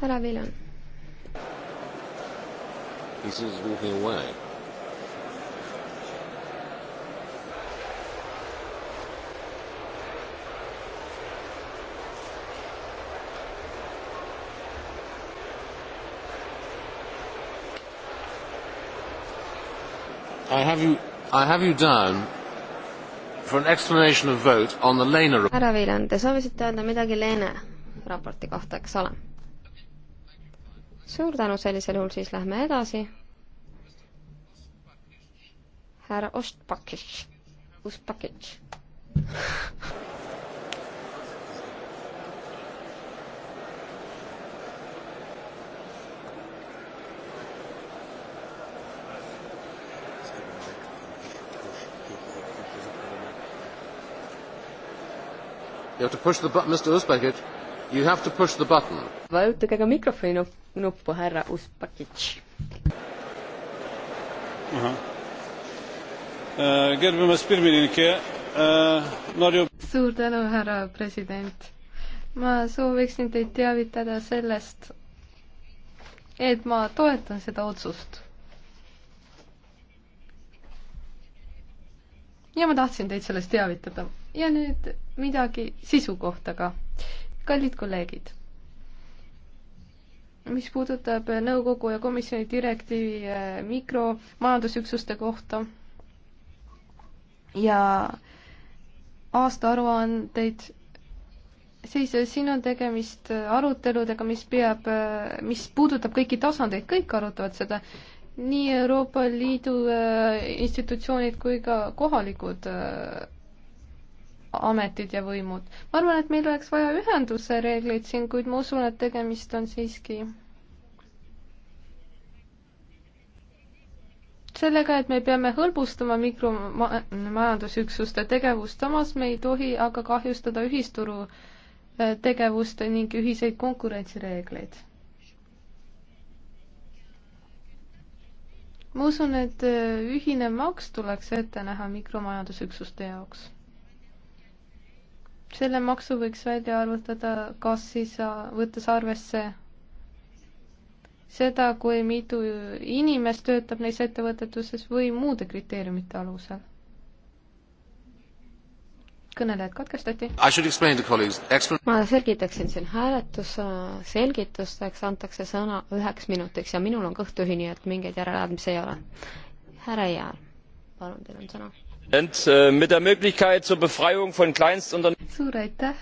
härra Viljon. He seems walking away. I have you, I have you down for an explanation of vote on the Lehne. härra Viljand, te soovisite öelda midagi Leene raporti kohta, eks ole? suur tänu, sellisel juhul siis lähme edasi. härra Ostpakitš, Uspakitš. You have to push the button, Mr. Uzbekit. You have to push the button. vajutage ka mikrofoni nuppu nuppu härra Uspakic. Eh, eh, suur tänu, härra president. ma sooviksin teid teavitada sellest, et ma toetan seda otsust. ja ma tahtsin teid sellest teavitada ja nüüd midagi sisu kohta ka. kallid kolleegid mis puudutab nõukogu ja komisjoni direktiivi eh, mikromajandusüksuste kohta ja aastaaruandeid, siis siin on tegemist aruteludega, mis peab, eh, mis puudutab kõiki tasandeid, kõik arutavad seda, nii Euroopa Liidu eh, institutsioonid kui ka kohalikud ametid ja võimud. ma arvan, et meil oleks vaja ühenduse reegleid siin, kuid ma usun, et tegemist on siiski sellega, et me peame hõlbustama mikromajandusüksuste tegevust, samas me ei tohi aga kahjustada ühisturu äh, tegevust ning ühiseid konkurentsireegleid. ma usun, et äh, ühine maks tuleks ette näha mikromajandusüksuste jaoks selle maksu võiks välja arvutada, kas siis äh, võttes arvesse seda, kui mitu inimest töötab neis ettevõtetuses või muude kriteeriumite alusel. kõnelejad katkestati. ma selgitaksin siin hääletuse äh, selgitusteks antakse sõna üheks minutiks ja minul on kõht tühi, nii et mingeid järeleandmisi ei ole. härra Jaar, palun, teil on sõna Äh, suur aitäh,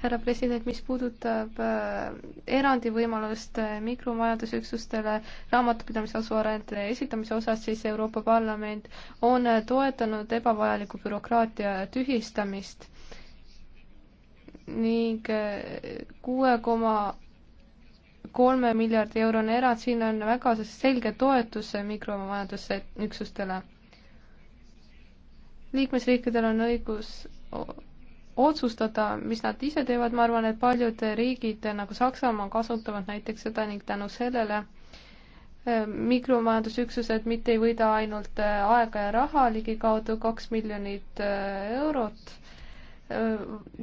härra president, mis puudutab äh, erandivõimalust äh, mikromajandusüksustele raamatupidamisaruannete esitamise osas, siis Euroopa Parlament on toetanud ebavajaliku bürokraatia tühistamist ning kuue koma kolme miljardi eurone erand, siin on väga selge toetus mikromajandusüksustele liikmesriikidel on õigus otsustada, mis nad ise teevad, ma arvan, et paljud riigid nagu Saksamaa kasutavad näiteks seda ning tänu sellele eh, mikromajandusüksused mitte ei võida ainult eh, aega ja raha, ligikaudu kaks miljonit eh, eurot.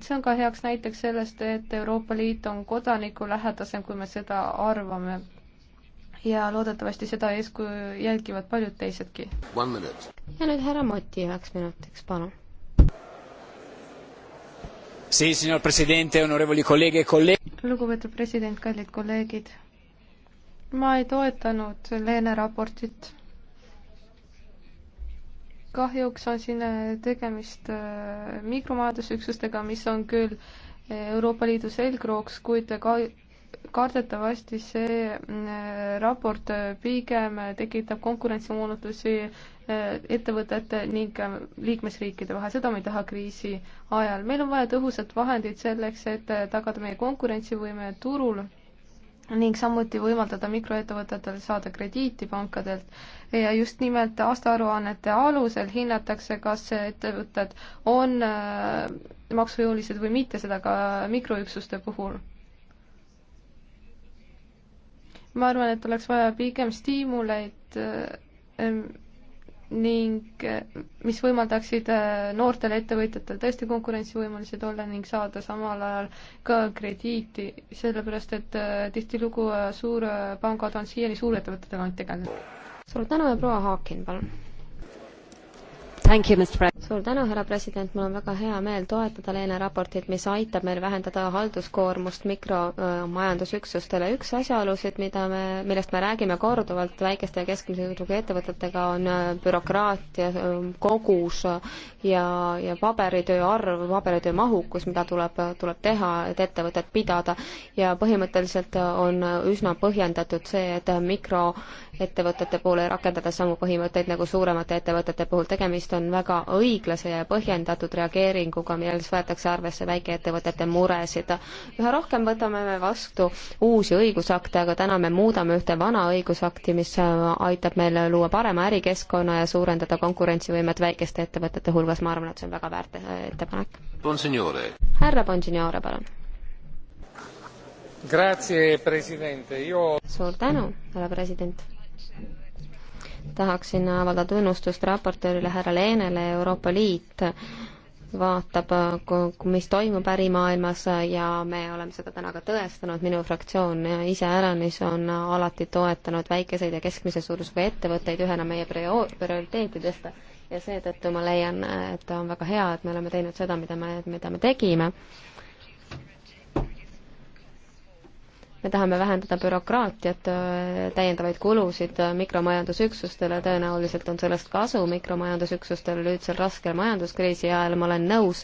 see on ka heaks näiteks sellest, et Euroopa Liit on kodanikulähedasem, kui me seda arvame ja loodetavasti seda eeskuju jälgivad paljud teisedki. ja nüüd härra Moti üheks minutiks, palun. E lugupeetud president, kallid kolleegid. ma ei toetanud Leene raportit. kahjuks on siin äh, tegemist äh, mikromajandusüksustega, mis on küll äh, Euroopa Liidu selgrooks, kuid ka kardetavasti see mm, raport äh, pigem äh, tekitab konkurentsimoonutusi äh, ettevõtete ning liikmesriikide vahel, seda me ei taha kriisi ajal. meil on vaja tõhusat vahendit selleks, et tagada meie konkurentsivõime turul ning samuti võimaldada mikroettevõtetel saada krediiti pankadelt. ja just nimelt aastaaruannete alusel hinnatakse, kas ettevõtted on maksujõulised või mitte, seda ka mikroüksuste puhul ma arvan, et oleks vaja pigem stiimuleid äh, ning äh, mis võimaldaksid äh, noortel ettevõtjatel tõesti konkurentsivõimelised olla ning saada samal ajal ka krediiti, sellepärast et tihtilugu suurpangad on siiani suurettevõtetega ainult tegelenud. suur tänu ja proua Haakin, palun! suur tänu, härra president, mul on väga hea meel toetada Leene raportit, mis aitab meil vähendada halduskoormust mikromajandusüksustele. üks asjaolusid, mida me, millest me räägime korduvalt väikeste ja keskmise suurusega ettevõtetega, on äh, bürokraatia äh, kogus ja, ja paberitöö arv, paberitöö mahukus, mida tuleb, tuleb teha, et ettevõtet pidada. ja põhimõtteliselt on üsna põhjendatud see, et mikroettevõtete puhul ei rakendada samu põhimõtteid nagu suuremate ettevõtete puhul. tegemist on on väga õiglase ja põhjendatud reageeringuga, milles võetakse arvesse väikeettevõtete muresid. üha rohkem võtame me vastu uusi õigusakte, aga täna me muudame ühte vana õigusakti, mis äh, aitab meil luua parema ärikeskkonna ja suurendada konkurentsivõimet väikeste ettevõtete hulgas, ma arvan, et see on väga väärt äh, ettepanek. härra Bonsignore, palun. Grazie, president. Io... suur tänu, härra president tahaksin avaldada tunnustust raportöörile härra Leenele, Euroopa Liit vaatab, mis toimub ärimaailmas ja me oleme seda täna ka tõestanud, minu fraktsioon iseäranis on alati toetanud väikeseid ja keskmise suurusega ettevõtteid ühena meie prioriteetidest ja seetõttu ma leian, et on väga hea, et me oleme teinud seda, mida me, mida me tegime me tahame vähendada bürokraatiat, äh, täiendavaid kulusid äh, mikromajandusüksustele, tõenäoliselt on sellest kasu mikromajandusüksustel üleüldse raskel majanduskriisi ajal, ma olen nõus,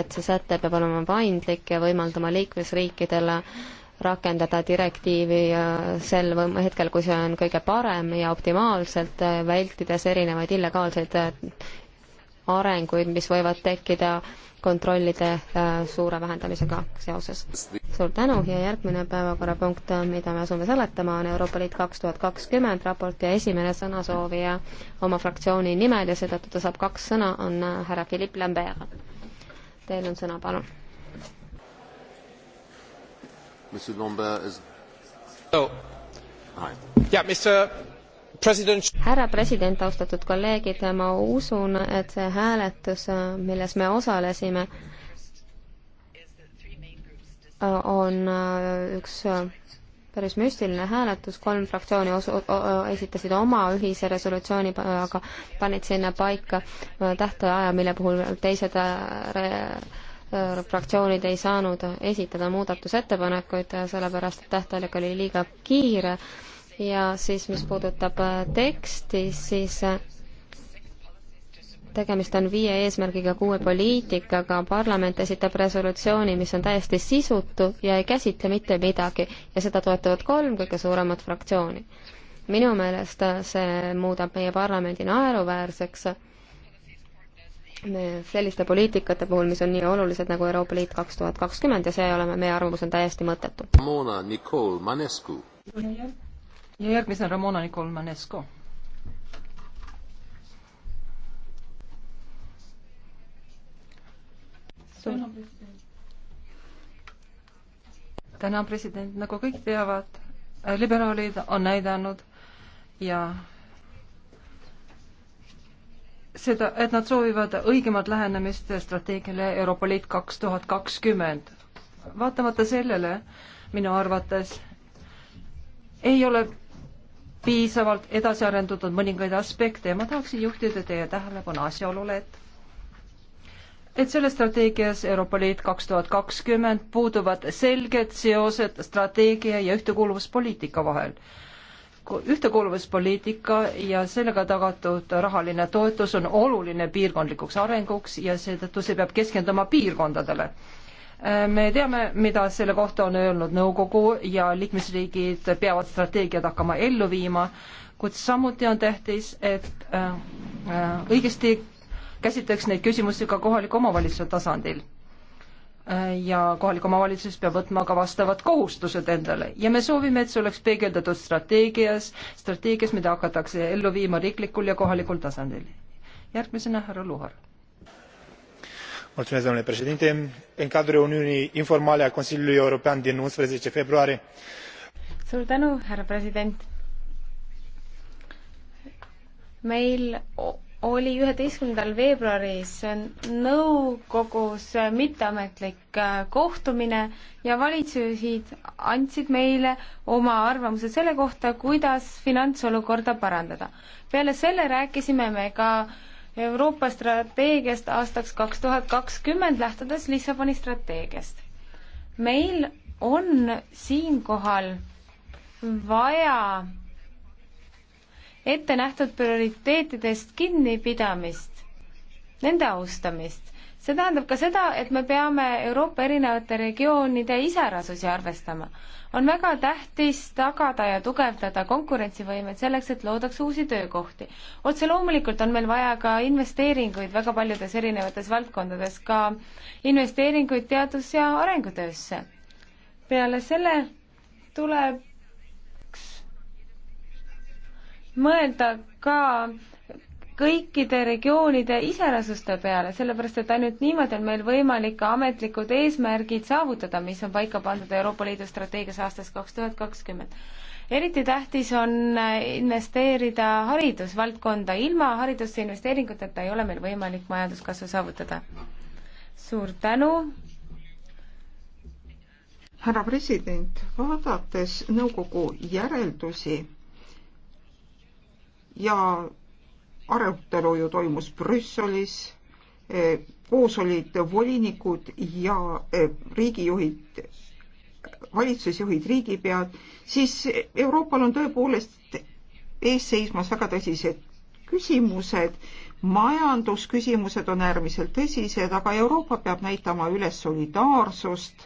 et see säte peab olema paindlik ja võimaldama liikmesriikidele rakendada direktiivi äh, sel hetkel, kui see on kõige parem ja optimaalselt, vältides erinevaid illegaalseid arenguid, mis võivad tekkida kontrollide äh, suure vähendamisega seoses. suur tänu ja järgmine päevakorrapunkt, mida me asume seletama, on Euroopa Liit kaks tuhat kakskümmend raporti esimene sõnasoovija oma fraktsiooni nimel ja seetõttu ta saab kaks sõna, on härra Philippe Lambert. Teil on sõna, palun. Monsieur Lambert is.... Oh. Hi. Yeah, Mr härra president, austatud kolleegid, ma usun, et see hääletus, milles me osalesime, on äh, üks äh, päris müstiline hääletus, kolm fraktsiooni osu-, esitasid oma ühise resolutsiooni, äh, aga panid sinna paika tähtaja, mille puhul teised fraktsioonid ei saanud esitada muudatusettepanekuid, sellepärast et tähtaeg oli liiga kiire ja siis, mis puudutab äh, teksti, siis äh, tegemist on viie eesmärgiga kuue poliitikaga, parlament esitab resolutsiooni, mis on täiesti sisutu ja ei käsitle mitte midagi ja seda toetavad kolm kõige suuremat fraktsiooni. minu meelest äh, see muudab meie parlamendi naeruväärseks me selliste poliitikate puhul, mis on nii olulised nagu Euroopa Liit kaks tuhat kakskümmend ja see oleme, meie arvamus on täiesti mõttetu. Mona Nicole Manescu ja järgmisena Ramona Nicol Manesco. täna president, nagu kõik teavad, äh, liberaalid on näidanud ja seda, et nad soovivad õigemat lähenemist strateegiale Euroopa Liit kaks tuhat kakskümmend. vaatamata sellele minu arvates ei ole piisavalt edasi arendatud mõningaid aspekte ja ma tahaksin juhtida teie tähelepanu asjaolule, et et selles strateegias Euroopa Liit kaks tuhat kakskümmend puuduvad selged seosed strateegia ja ühtekuuluvuspoliitika vahel. ühtekuuluvuspoliitika ja sellega tagatud rahaline toetus on oluline piirkondlikuks arenguks ja seetõttu see peab keskenduma piirkondadele me teame, mida selle kohta on öelnud nõukogu ja liikmesriigid peavad strateegiad hakkama ellu viima, kuid samuti on tähtis, et äh, äh, õigesti käsitleks neid küsimusi ka kohaliku omavalitsuse tasandil. Äh, ja kohalik omavalitsus peab võtma ka vastavad kohustused endale ja me soovime, et see oleks peegeldatud strateegias, strateegias, mida hakatakse ellu viima riiklikul ja kohalikul tasandil. järgmisena härra Luhar în cadrul reuniunii informale a consiliului european din unsprezece februarie meil oli üheteistkümnendal veebruaris nõukogus mitteametlik äh, kohtumine ja valitsusjuhid andsid meile oma arvamuse selle kohta, kuidas finantsolukorda parandada. peale selle rääkisime me ka äh, Euroopa strateegiast aastaks kaks tuhat kakskümmend, lähtudes Lissaboni strateegiast. meil on siinkohal vaja ette nähtud prioriteetidest kinnipidamist, nende austamist. see tähendab ka seda, et me peame Euroopa erinevate regioonide iserasusi arvestama on väga tähtis tagada ja tugevdada konkurentsivõimet selleks, et loodaks uusi töökohti. otse loomulikult on meil vaja ka investeeringuid väga paljudes erinevates valdkondades, ka investeeringuid teadus- ja arengutöösse. peale selle tuleb mõelda ka kõikide regioonide iseärasuste peale, sellepärast et ainult niimoodi on meil võimalik ka ametlikud eesmärgid saavutada, mis on paika pandud Euroopa Liidu strateegias aastast kaks tuhat kakskümmend. eriti tähtis on investeerida haridusvaldkonda, ilma haridusse investeeringuteta ei ole meil võimalik majanduskasvu saavutada. suur tänu! härra president, vaadates nõukogu järeldusi ja arutelu ju toimus Brüsselis, eh, koos olid volinikud ja eh, riigijuhid, valitsusjuhid, riigipead, siis Euroopal on tõepoolest ees seismas väga tõsised küsimused, majandusküsimused on äärmiselt tõsised, aga Euroopa peab näitama üles solidaarsust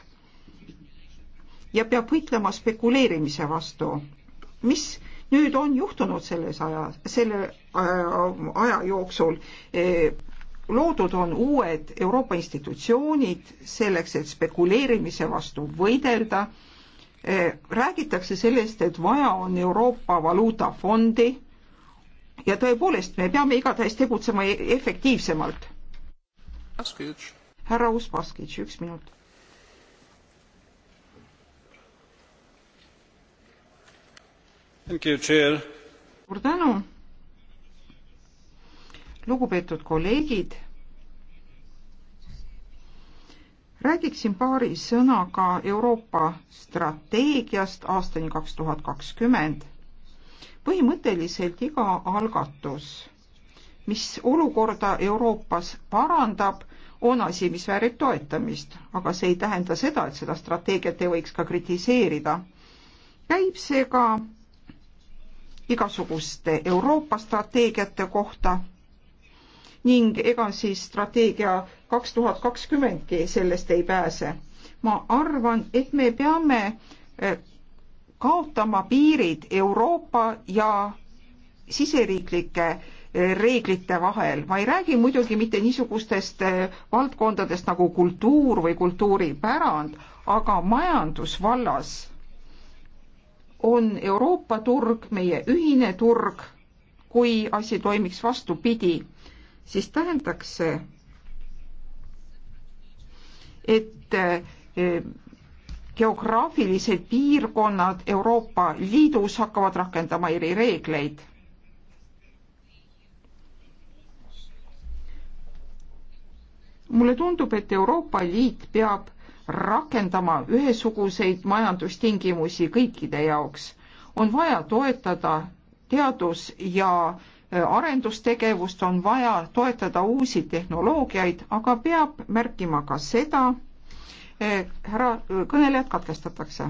ja peab võitlema spekuleerimise vastu, mis nüüd on juhtunud selles ajas, selle äh, aja jooksul äh, loodud on uued Euroopa institutsioonid selleks, et spekuleerimise vastu võidelda. Äh, räägitakse sellest, et vaja on Euroopa Valuutafondi ja tõepoolest, me peame igatahes tegutsema e-, efektiivsemalt. härra Uspaskitš, üks minut suur tänu. lugupeetud kolleegid. räägiksin paari sõnaga Euroopa strateegiast aastani kaks tuhat kakskümmend. põhimõtteliselt iga algatus, mis olukorda Euroopas parandab, on asi, mis väärib toetamist, aga see ei tähenda seda, et seda strateegiat ei võiks ka kritiseerida. käib seega igasuguste Euroopa strateegiate kohta ning ega siis strateegia kaks tuhat kakskümmendki sellest ei pääse. ma arvan, et me peame eh, kaotama piirid Euroopa ja siseriiklike eh, reeglite vahel. ma ei räägi muidugi mitte niisugustest eh, valdkondadest nagu kultuur või kultuuripärand, aga majandusvallas on Euroopa turg, meie ühine turg, kui asi toimiks vastupidi, siis tähendaks see, et eh, geograafilised piirkonnad Euroopa Liidus hakkavad rakendama erireegleid mulle tundub, et Euroopa Liit peab rakendama ühesuguseid majandustingimusi kõikide jaoks. on vaja toetada teadus- ja äh, arendustegevust, on vaja toetada uusi tehnoloogiaid, aga peab märkima ka seda, äh, härra, äh, kõnelejad katkestatakse.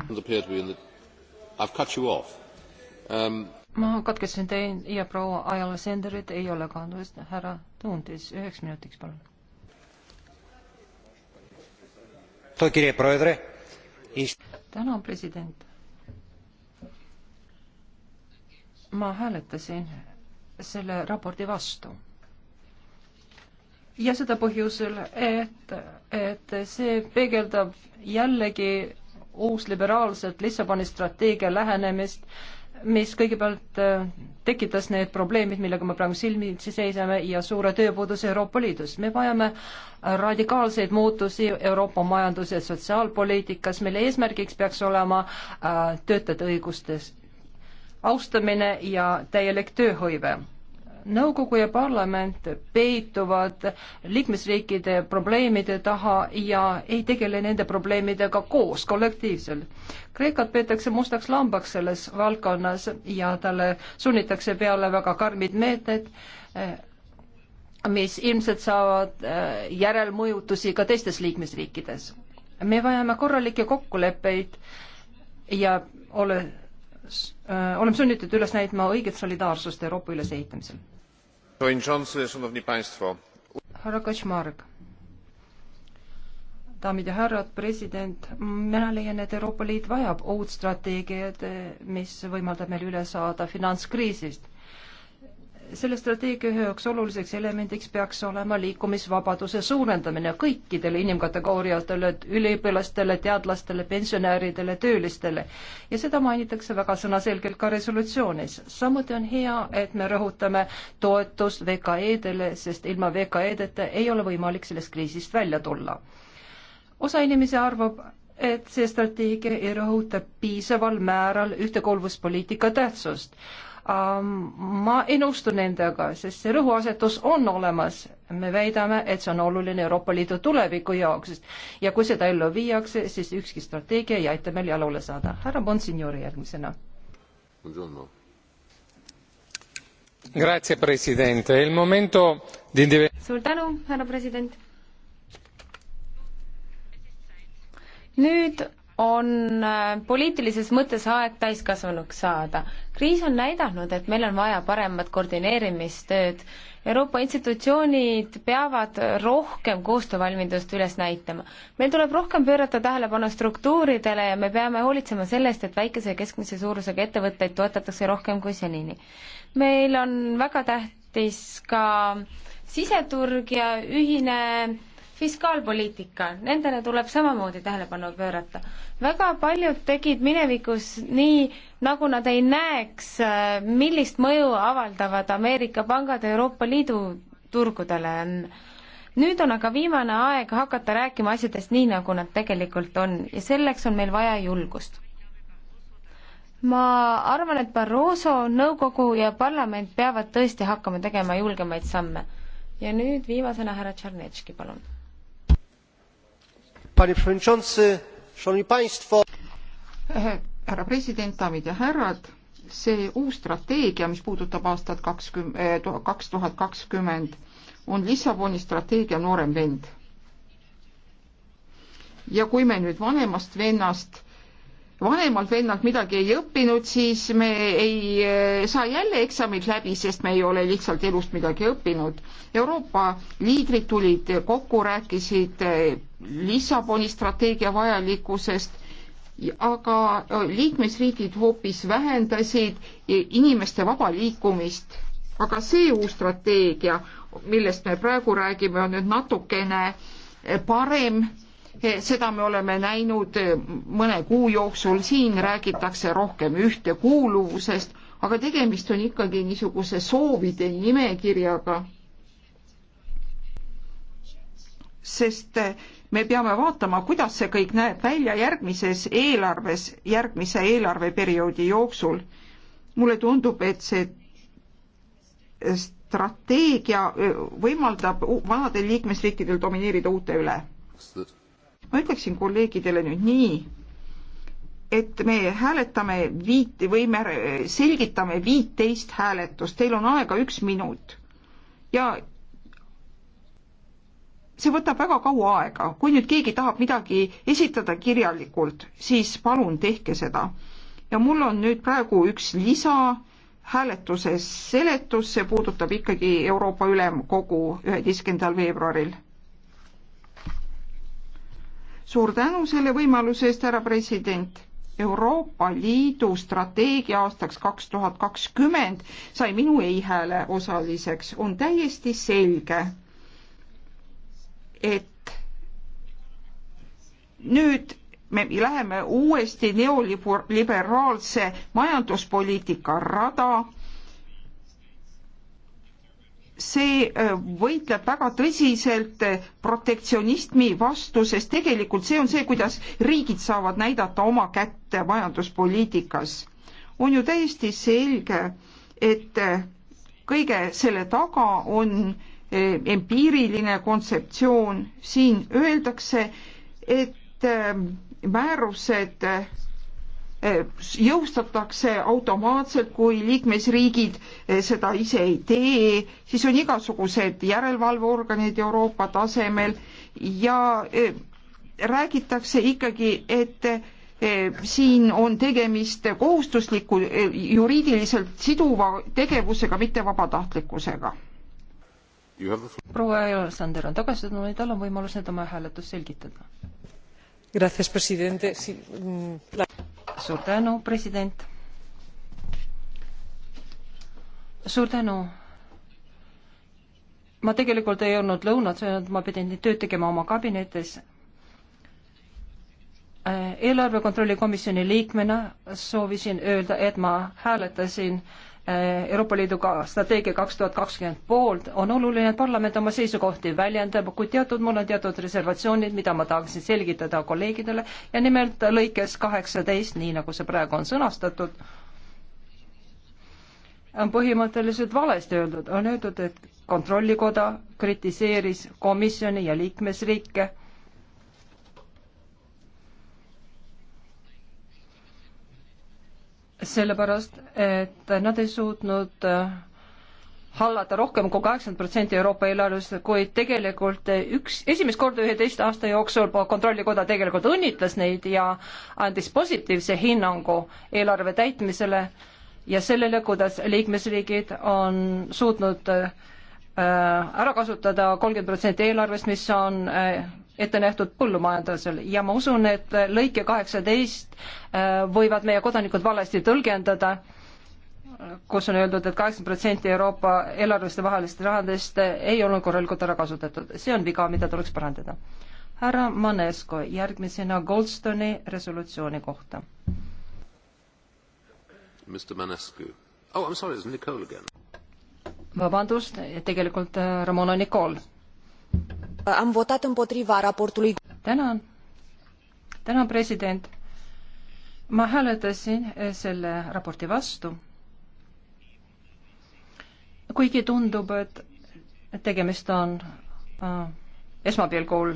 Um... ma katkestasin teid ja proua Ajala Senderit ei ole kandnud, härra Tuundis, üheks minutiks palun tänan, president. ma hääletasin selle raporti vastu. ja seda põhjusel, et, et see peegeldab jällegi uusliberaalset Lissaboni strateegia lähenemist mis kõigepealt äh, tekitas need probleemid, millega me praegu silmitsi seisame ja suure tööpuuduse Euroopa Liidus. me vajame äh, radikaalseid muutusi Euroopa majanduse sotsiaalpoliitikas, mille eesmärgiks peaks olema äh, töötajate õigustes austamine ja täielik tööhõive nõukogu ja parlament peituvad liikmesriikide probleemide taha ja ei tegele nende probleemidega koos, kollektiivselt. Kreekat peetakse mustaks lambaks selles valdkonnas ja talle sunnitakse peale väga karmid meetmed, mis ilmselt saavad äh, järelmõjutusi ka teistes liikmesriikides. me vajame korralikke kokkuleppeid ja ole Äh, oleme sunnitud üles näitama õiget solidaarsust Euroopa ülesehitamisel. härra Kaczmarek, daamid ja härrad, president, mina leian, et Euroopa Liit vajab uut strateegiat, mis võimaldab meil üle saada finantskriisist selle strateegia üheks oluliseks elemendiks peaks olema liikumisvabaduse suurendamine kõikidele inimkategooriatele, üliõpilastele, teadlastele, pensionäridele, töölistele ja seda mainitakse väga sõnaselgelt ka resolutsioonis. samuti on hea, et me rõhutame toetust VKE-dele, sest ilma VKE-deta ei ole võimalik sellest kriisist välja tulla. osa inimesi arvab, et see strateegia ei rõhuta piisaval määral ühtekuuluvuspoliitika tähtsust Ähm, ma ei nõustu nendega, sest see rõhuasetus on olemas. me väidame, et see on oluline Euroopa Liidu tuleviku jaoks ja kui seda ellu viiakse, siis ükski strateegia ei aita meil jalule saada. härra Bonsignori järgmisena. suur tänu, härra president. nüüd on äh, poliitilises mõttes aeg täiskasvanuks saada. kriis on näidanud, et meil on vaja paremat koordineerimistööd. Euroopa institutsioonid peavad rohkem koostöövalmidust üles näitama. meil tuleb rohkem pöörata tähelepanu struktuuridele ja me peame hoolitsema selle eest, et väikese ja keskmise suurusega ettevõtteid toetatakse rohkem kui senini. meil on väga tähtis ka siseturg ja ühine fiskaalpoliitika, nendele tuleb samamoodi tähelepanu pöörata. väga paljud tegid minevikus nii, nagu nad ei näeks, millist mõju avaldavad Ameerika pangad Euroopa Liidu turgudele. nüüd on aga viimane aeg hakata rääkima asjadest nii, nagu nad tegelikult on ja selleks on meil vaja julgust ma arvan, et Barroso nõukogu ja parlament peavad tõesti hakkama tegema julgemaid samme. ja nüüd viimasena härra Tšernetški, palun härra president, daamid ja härrad, see uus strateegia, mis puudutab aastat kakskümmend, eh, kaks tuhat kakskümmend, on Lissaboni strateegia noorem vend. ja kui me nüüd vanemast vennast vanemalt vennalt midagi ei õppinud, siis me ei eh, saa jälle eksamid läbi, sest me ei ole lihtsalt elust midagi õppinud. Euroopa liidrid tulid kokku, rääkisid eh, Lissaboni strateegia vajalikkusest, aga eh, liikmesriigid hoopis vähendasid inimeste vaba liikumist. aga see uus strateegia, millest me praegu räägime, on nüüd natukene parem seda me oleme näinud eh, mõne kuu jooksul, siin räägitakse rohkem ühtekuuluvusest, aga tegemist on ikkagi niisuguse soovide nimekirjaga. sest eh, me peame vaatama, kuidas see kõik näeb välja järgmises eelarves, järgmise eelarveperioodi jooksul. mulle tundub, et see eh, strateegia võimaldab vanadel liikmesriikidel domineerida uute üle ma ütleksin kolleegidele nüüd nii, et me hääletame viit või me selgitame viiteist hääletust, teil on aega üks minut ja see võtab väga kaua aega, kui nüüd keegi tahab midagi esitada kirjalikult, siis palun tehke seda. ja mul on nüüd praegu üks lisa hääletuse seletus, see puudutab ikkagi Euroopa Ülemkogu üheteistkümnendal veebruaril suur tänu selle võimaluse eest, härra president. Euroopa Liidu strateegia aastaks kaks tuhat kakskümmend sai minu ei-hääle osaliseks, on täiesti selge, et nüüd me läheme uuesti neoliberaalse majanduspoliitika rada see äh, võitleb väga tõsiselt äh, protektsionismi vastu, sest tegelikult see on see, kuidas riigid saavad näidata oma kätt majanduspoliitikas. on ju täiesti selge, et äh, kõige selle taga on empiiriline kontseptsioon, siin öeldakse, et määrused Eh, jõustatakse automaatselt, kui liikmesriigid eh, seda ise ei tee, siis on igasugused järelevalveorganid Euroopa tasemel ja eh, räägitakse ikkagi, et siin on tegemist kohustusliku, juriidiliselt siduva tegevusega, mitte vabatahtlikkusega. proua Aleksander on tagasi tulnud, tal on võimalus nüüd oma hääletust selgitada Mm, suur tänu, president. suur tänu. ma tegelikult ei olnud lõunat söönud, ma pidin tööd tegema oma kabinetis äh, eelarve kontrolli komisjoni liikmena soovisin öelda, et ma hääletasin Euroopa Liidu strateegia kaks tuhat kakskümmend poolt, on oluline, et parlament oma seisukohti väljendab, kuid teatud, mul on teatud reservatsioonid, mida ma tahaksin selgitada kolleegidele ja nimelt lõikes kaheksateist, nii nagu see praegu on sõnastatud, on põhimõtteliselt valesti öeldud, on öeldud, et kontrollikoda kritiseeris komisjoni ja liikmesriike sellepärast, et nad ei suutnud äh, hallata rohkem kui kaheksakümmend protsenti Euroopa eelarvest, kuid tegelikult üks, esimest korda üheteist aasta jooksul Kontrollikoda tegelikult õnnitles neid ja andis positiivse hinnangu eelarve täitmisele ja sellele, kuidas liikmesriigid on suutnud äh, ära kasutada kolmkümmend protsenti eelarvest, mis on äh, ette nähtud põllumajandusel ja ma usun, et lõike kaheksateist äh, võivad meie kodanikud valesti tõlgendada, kus on öeldud et, et kaheksakümmend protsenti Euroopa eelarveliste vahelistest rahadest ei olnud korralikult ära kasutatud. see on viga, mida tuleks parandada. härra Manesko, järgmisena Goldstone'i resolutsiooni kohta. Mr Manescu oh,. I m sorry, it is Nicole again vabandust, tegelikult äh, Ramona Nicole. Uh, am votat împotriva raportului. tänan, tänan, president. ma hääletasin eh, selle raporti vastu. kuigi tundub, et tegemist on äh, eh, esmapilgul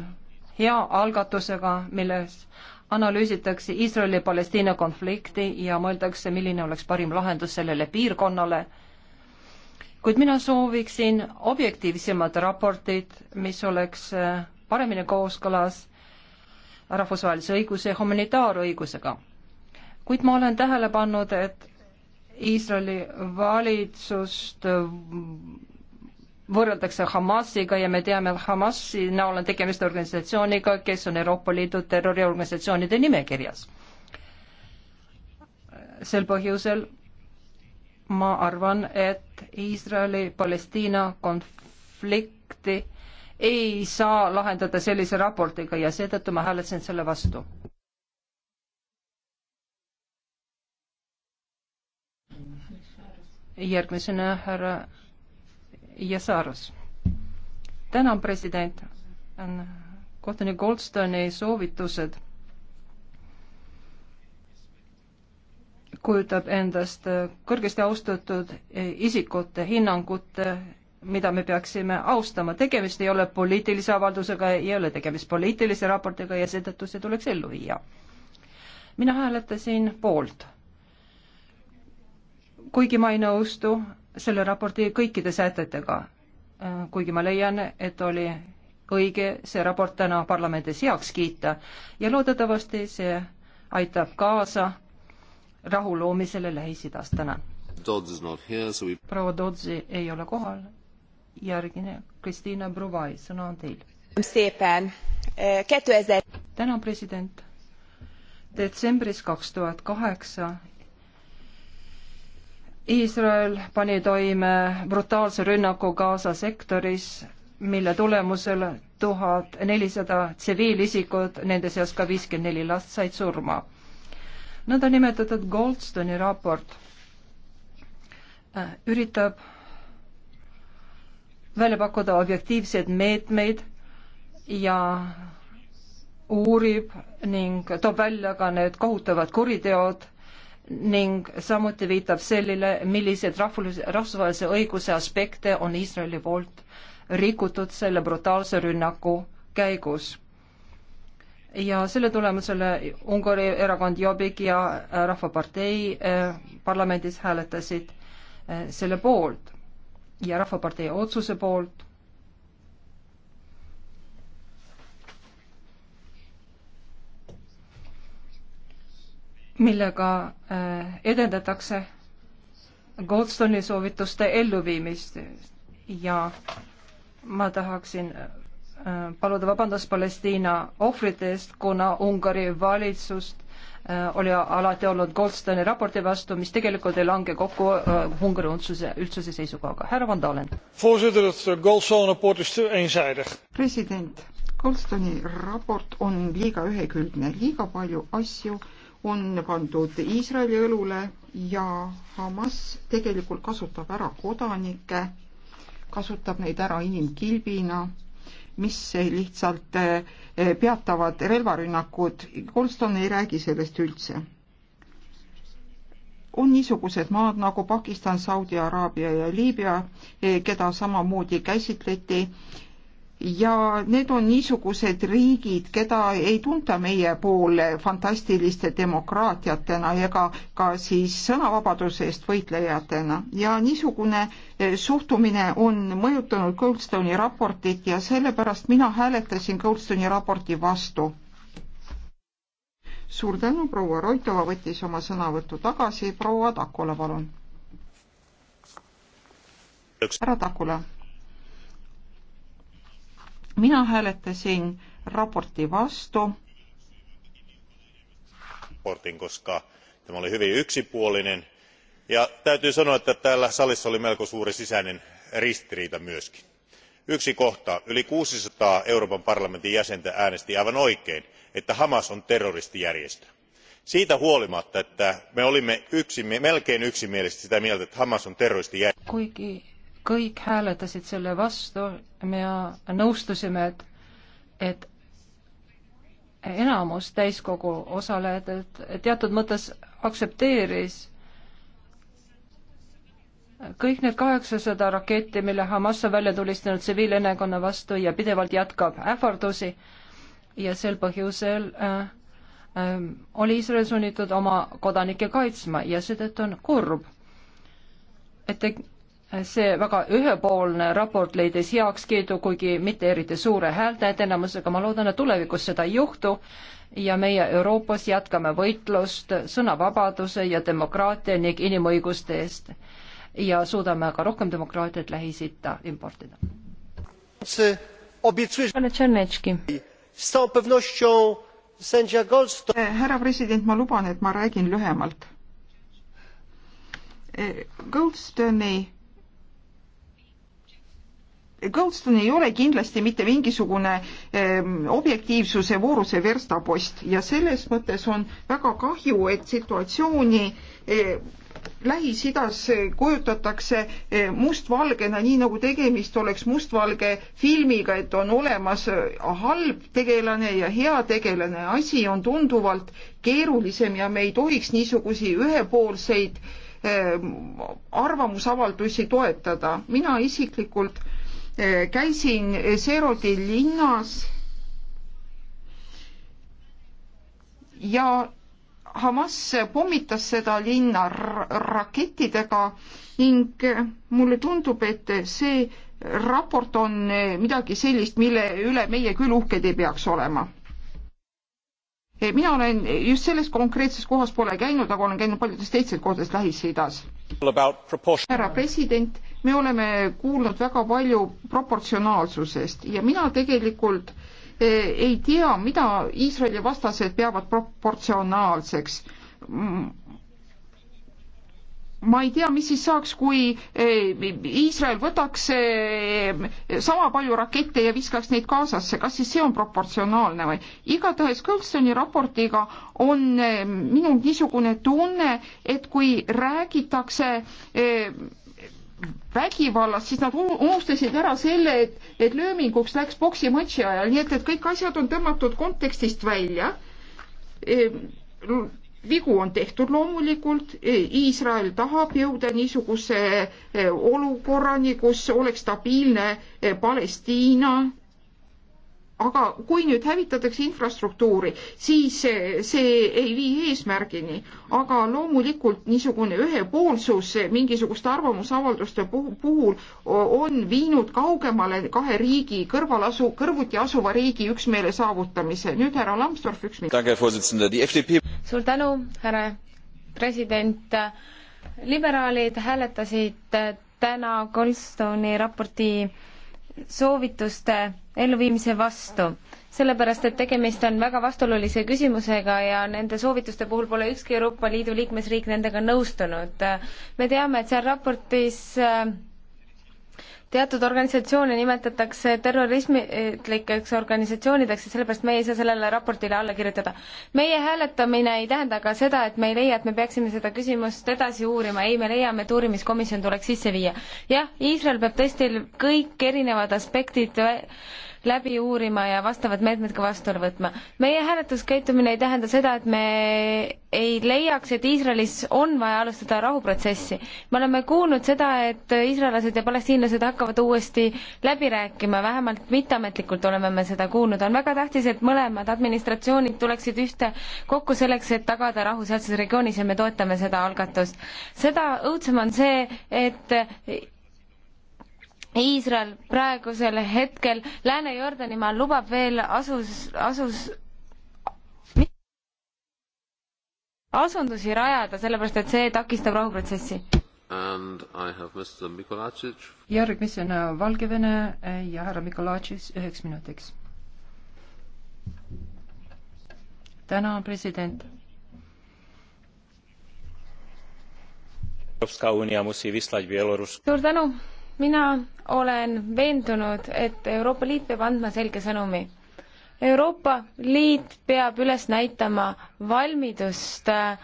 hea algatusega, milles analüüsitakse Iisraeli-Palestiina konflikti ja mõeldakse, milline oleks parim lahendus sellele piirkonnale kuid mina sooviksin objektiivsemad raportid, mis oleks äh, paremini kooskõlas rahvusvahelise õiguse ja humanitaarõigusega. kuid ma olen tähele pannud, et Iisraeli valitsust äh, võrreldakse Hamasiga ja me teame, et Hamasi näol on tegemist organisatsiooniga, kes on Euroopa Liidu terroriorganisatsioonide nimekirjas. sel põhjusel ma arvan, et Iisraeli-Palestiina konflikti ei saa lahendada sellise raportiga ja seetõttu ma hääletasin selle vastu. järgmisena härra Jasarus. tänan, president. kohtunik Goldstoni soovitused kujutab endast kõrgesti austatud isikute hinnangut, mida me peaksime austama. tegemist ei ole poliitilise avaldusega, ei ole tegemist poliitilise raportiga ja seetõttu see tuleks ellu viia. mina hääletasin poolt. kuigi ma ei nõustu selle raporti kõikide sätetega, kuigi ma leian, et oli õige see raport täna parlamendis heaks kiita ja loodetavasti see aitab kaasa rahu loomisele Lähis-Idas. tänan. proua Dodzi ei ole kohal. järgmine, Kristiina Bruvai, sõna on teil. tänan, president. detsembris kaks tuhat kaheksa Iisrael pani toime brutaalse rünnaku Gaza sektoris, mille tulemusel tuhat nelisada tsiviilisikut, nende seas ka viiskümmend neli last, said surma nõndanimetatud Goldstone'i raport äh, üritab välja pakkuda objektiivseid meetmeid ja uurib ning toob välja ka need kohutavad kuriteod ning samuti viitab sellele, milliseid rahvus, rahvusvahelise õiguse aspekte on Iisraeli poolt rikutud selle brutaalse rünnaku käigus ja selle tulemusel Ungari erakond Jobbik ja äh, Rahvapartei äh, parlamendis hääletasid äh, selle poolt ja Rahvapartei otsuse poolt. millega edendatakse Goldstoni soovituste elluviimist ja ma tahaksin Äh, paluda vabandust Palestiina ohvrite eest, kuna Ungari valitsust äh, oli alati olnud Goldsteini raporti vastu, mis tegelikult ei lange kokku äh, Ungari üldsuse, üldsuse seisukohaga. härra Van Dalen. Eh, president, Goldsteini raport on liiga ühekülgne, liiga palju asju on pandud Iisraeli õlule ja Hamas tegelikult kasutab ära kodanikke, kasutab neid ära inimkilbina mis lihtsalt eh, peatavad relvarünnakud. Goldstone ei räägi sellest üldse. on niisugused maad nagu Pakistan, Saudi Araabia ja Liibüa, eh, keda samamoodi käsitleti ja need on niisugused riigid, keda ei tunta meie poole fantastiliste demokraatiatena ega ka siis sõnavabaduse eest võitlejatena ja niisugune eh, suhtumine on mõjutanud Goldstone'i raportit ja sellepärast mina hääletasin Goldstone'i raporti vastu. suur tänu, proua Roitova võttis oma sõnavõttu tagasi, proua Takula, palun. härra Takula mina hääletasin raporti vastu raportin koska tämä oli hyvin yksipuolinen ja täytyy sanoa että täällä salissa oli melko suuri sisäinen ristiriita myös. yksi kohta yli kuusisataa euroopan parlamentin jäsentä äänesti aivan oikein että hamas on terroristijärjestö. siitä huolimatta että me olimme yksi, melkein yksimielisesti sitä mieltä että hamas on terroristijärjestö kuigi kõik hääletasid selle vastu, me nõustusime, et, et enamus täiskogu osalejad teatud mõttes aktsepteeris kõik need kaheksasada raketti, mille Hamas on välja tulistanud tsiviilelanikkonna vastu ja pidevalt jätkab ähvardusi ja sel põhjusel äh, äh, oli Iisrael sunnitud oma kodanikke kaitsma ja seetõttu on kurb, et te see väga ühepoolne raport leidis heakskiidu, kuigi mitte eriti suure häältajate enamusega, ma loodan, et tulevikus seda ei juhtu ja meie Euroopas jätkame võitlust sõnavabaduse ja demokraatia ning inimõiguste eest ja suudame ka rohkem demokraatiat Lähis-Itta importida. Eh, härra president, ma luban, et ma räägin lühemalt. Eh, Goldstone'i Goldstone ei ole kindlasti mitte mingisugune ehm, objektiivsuse vooruse verstapost ja selles mõttes on väga kahju, et situatsiooni ehm, Lähis-Idas kujutatakse ehm, mustvalgena, nii nagu tegemist oleks mustvalge filmiga, et on olemas halb tegelane ja hea tegelane. asi on tunduvalt keerulisem ja me ei tohiks niisugusi ühepoolseid arvamusavaldusi toetada. mina isiklikult Eh, käisin Serodi linnas ja Hamas pommitas seda linna rakettidega ning mulle tundub, et see raport on midagi sellist, mille üle meie küll uhked ei peaks olema. Eh, mina olen just selles konkreetses kohas pole käinud, aga olen käinud paljudes teistes kohtades Lähis-Idas. härra president me oleme kuulnud väga palju proportsionaalsusest ja mina tegelikult eh, ei tea, mida Iisraeli vastased peavad proportsionaalseks ma ei tea, mis siis saaks, kui eh, Iisrael võtaks eh, sama palju rakette ja viskaks neid Gazasse, kas siis see on proportsionaalne või? igatahes Kõlstoni raportiga on minul niisugune tunne, et kui räägitakse vägivallast, siis nad unustasid ära selle, et, et lööminguks läks poksimatši ajal, nii et, et kõik asjad on tõmmatud kontekstist välja e,. vigu on tehtud loomulikult e,, Iisrael tahab jõuda niisuguse e, olukorrani, kus oleks stabiilne e, Palestiina aga kui nüüd hävitatakse infrastruktuuri, siis see ei vii eesmärgini, aga loomulikult niisugune ühepoolsus mingisuguste arvamusavalduste puhul on viinud kaugemale kahe riigi kõrvalasu, kõrvuti asuva riigi üksmeele saavutamise. nüüd härra Lambsdorff, üks minut. suur tänu, härra president. liberaalid hääletasid täna Goldstone'i raporti soovituste elluviimise vastu, sellepärast et tegemist on väga vastuolulise küsimusega ja nende soovituste puhul pole ükski Euroopa Liidu liikmesriik nendega nõustunud. me teame, et seal raportis äh, teatud organisatsioone nimetatakse terrorismitlikeks organisatsioonideks ja sellepärast meie ei saa sellele raportile alla kirjutada. meie hääletamine ei tähenda aga seda, et me ei leia, et me peaksime seda küsimust edasi uurima, ei, me leiame, et uurimiskomisjon tuleks sisse viia. jah, Iisrael peab tõesti kõik erinevad aspektid läbi uurima ja vastavad meetmed ka vastu võtma. meie hääletuskäitumine ei tähenda seda, et me ei leiaks, et Iisraelis on vaja alustada rahuprotsessi. me oleme kuulnud seda, et iisraellased ja palestiinlased hakkavad uuesti läbi rääkima, vähemalt mitteametlikult oleme me seda kuulnud. on väga tähtis, et mõlemad administratsioonid tuleksid ühte kokku selleks, et tagada rahu sealses regioonis ja me toetame seda algatust. seda õudsem on see, et Iisrael praegusel hetkel Lääne-Jordanimaal lubab veel asus, asus asundusi rajada, sellepärast et see takistab rahuprotsessi. järgmisena äh, Valgevene äh, ja härra Mikolatšis üheks minutiks. tänan, president. suur tänu mina olen veendunud, et Euroopa Liit peab andma selge sõnumi. Euroopa Liit peab üles näitama valmidust äh,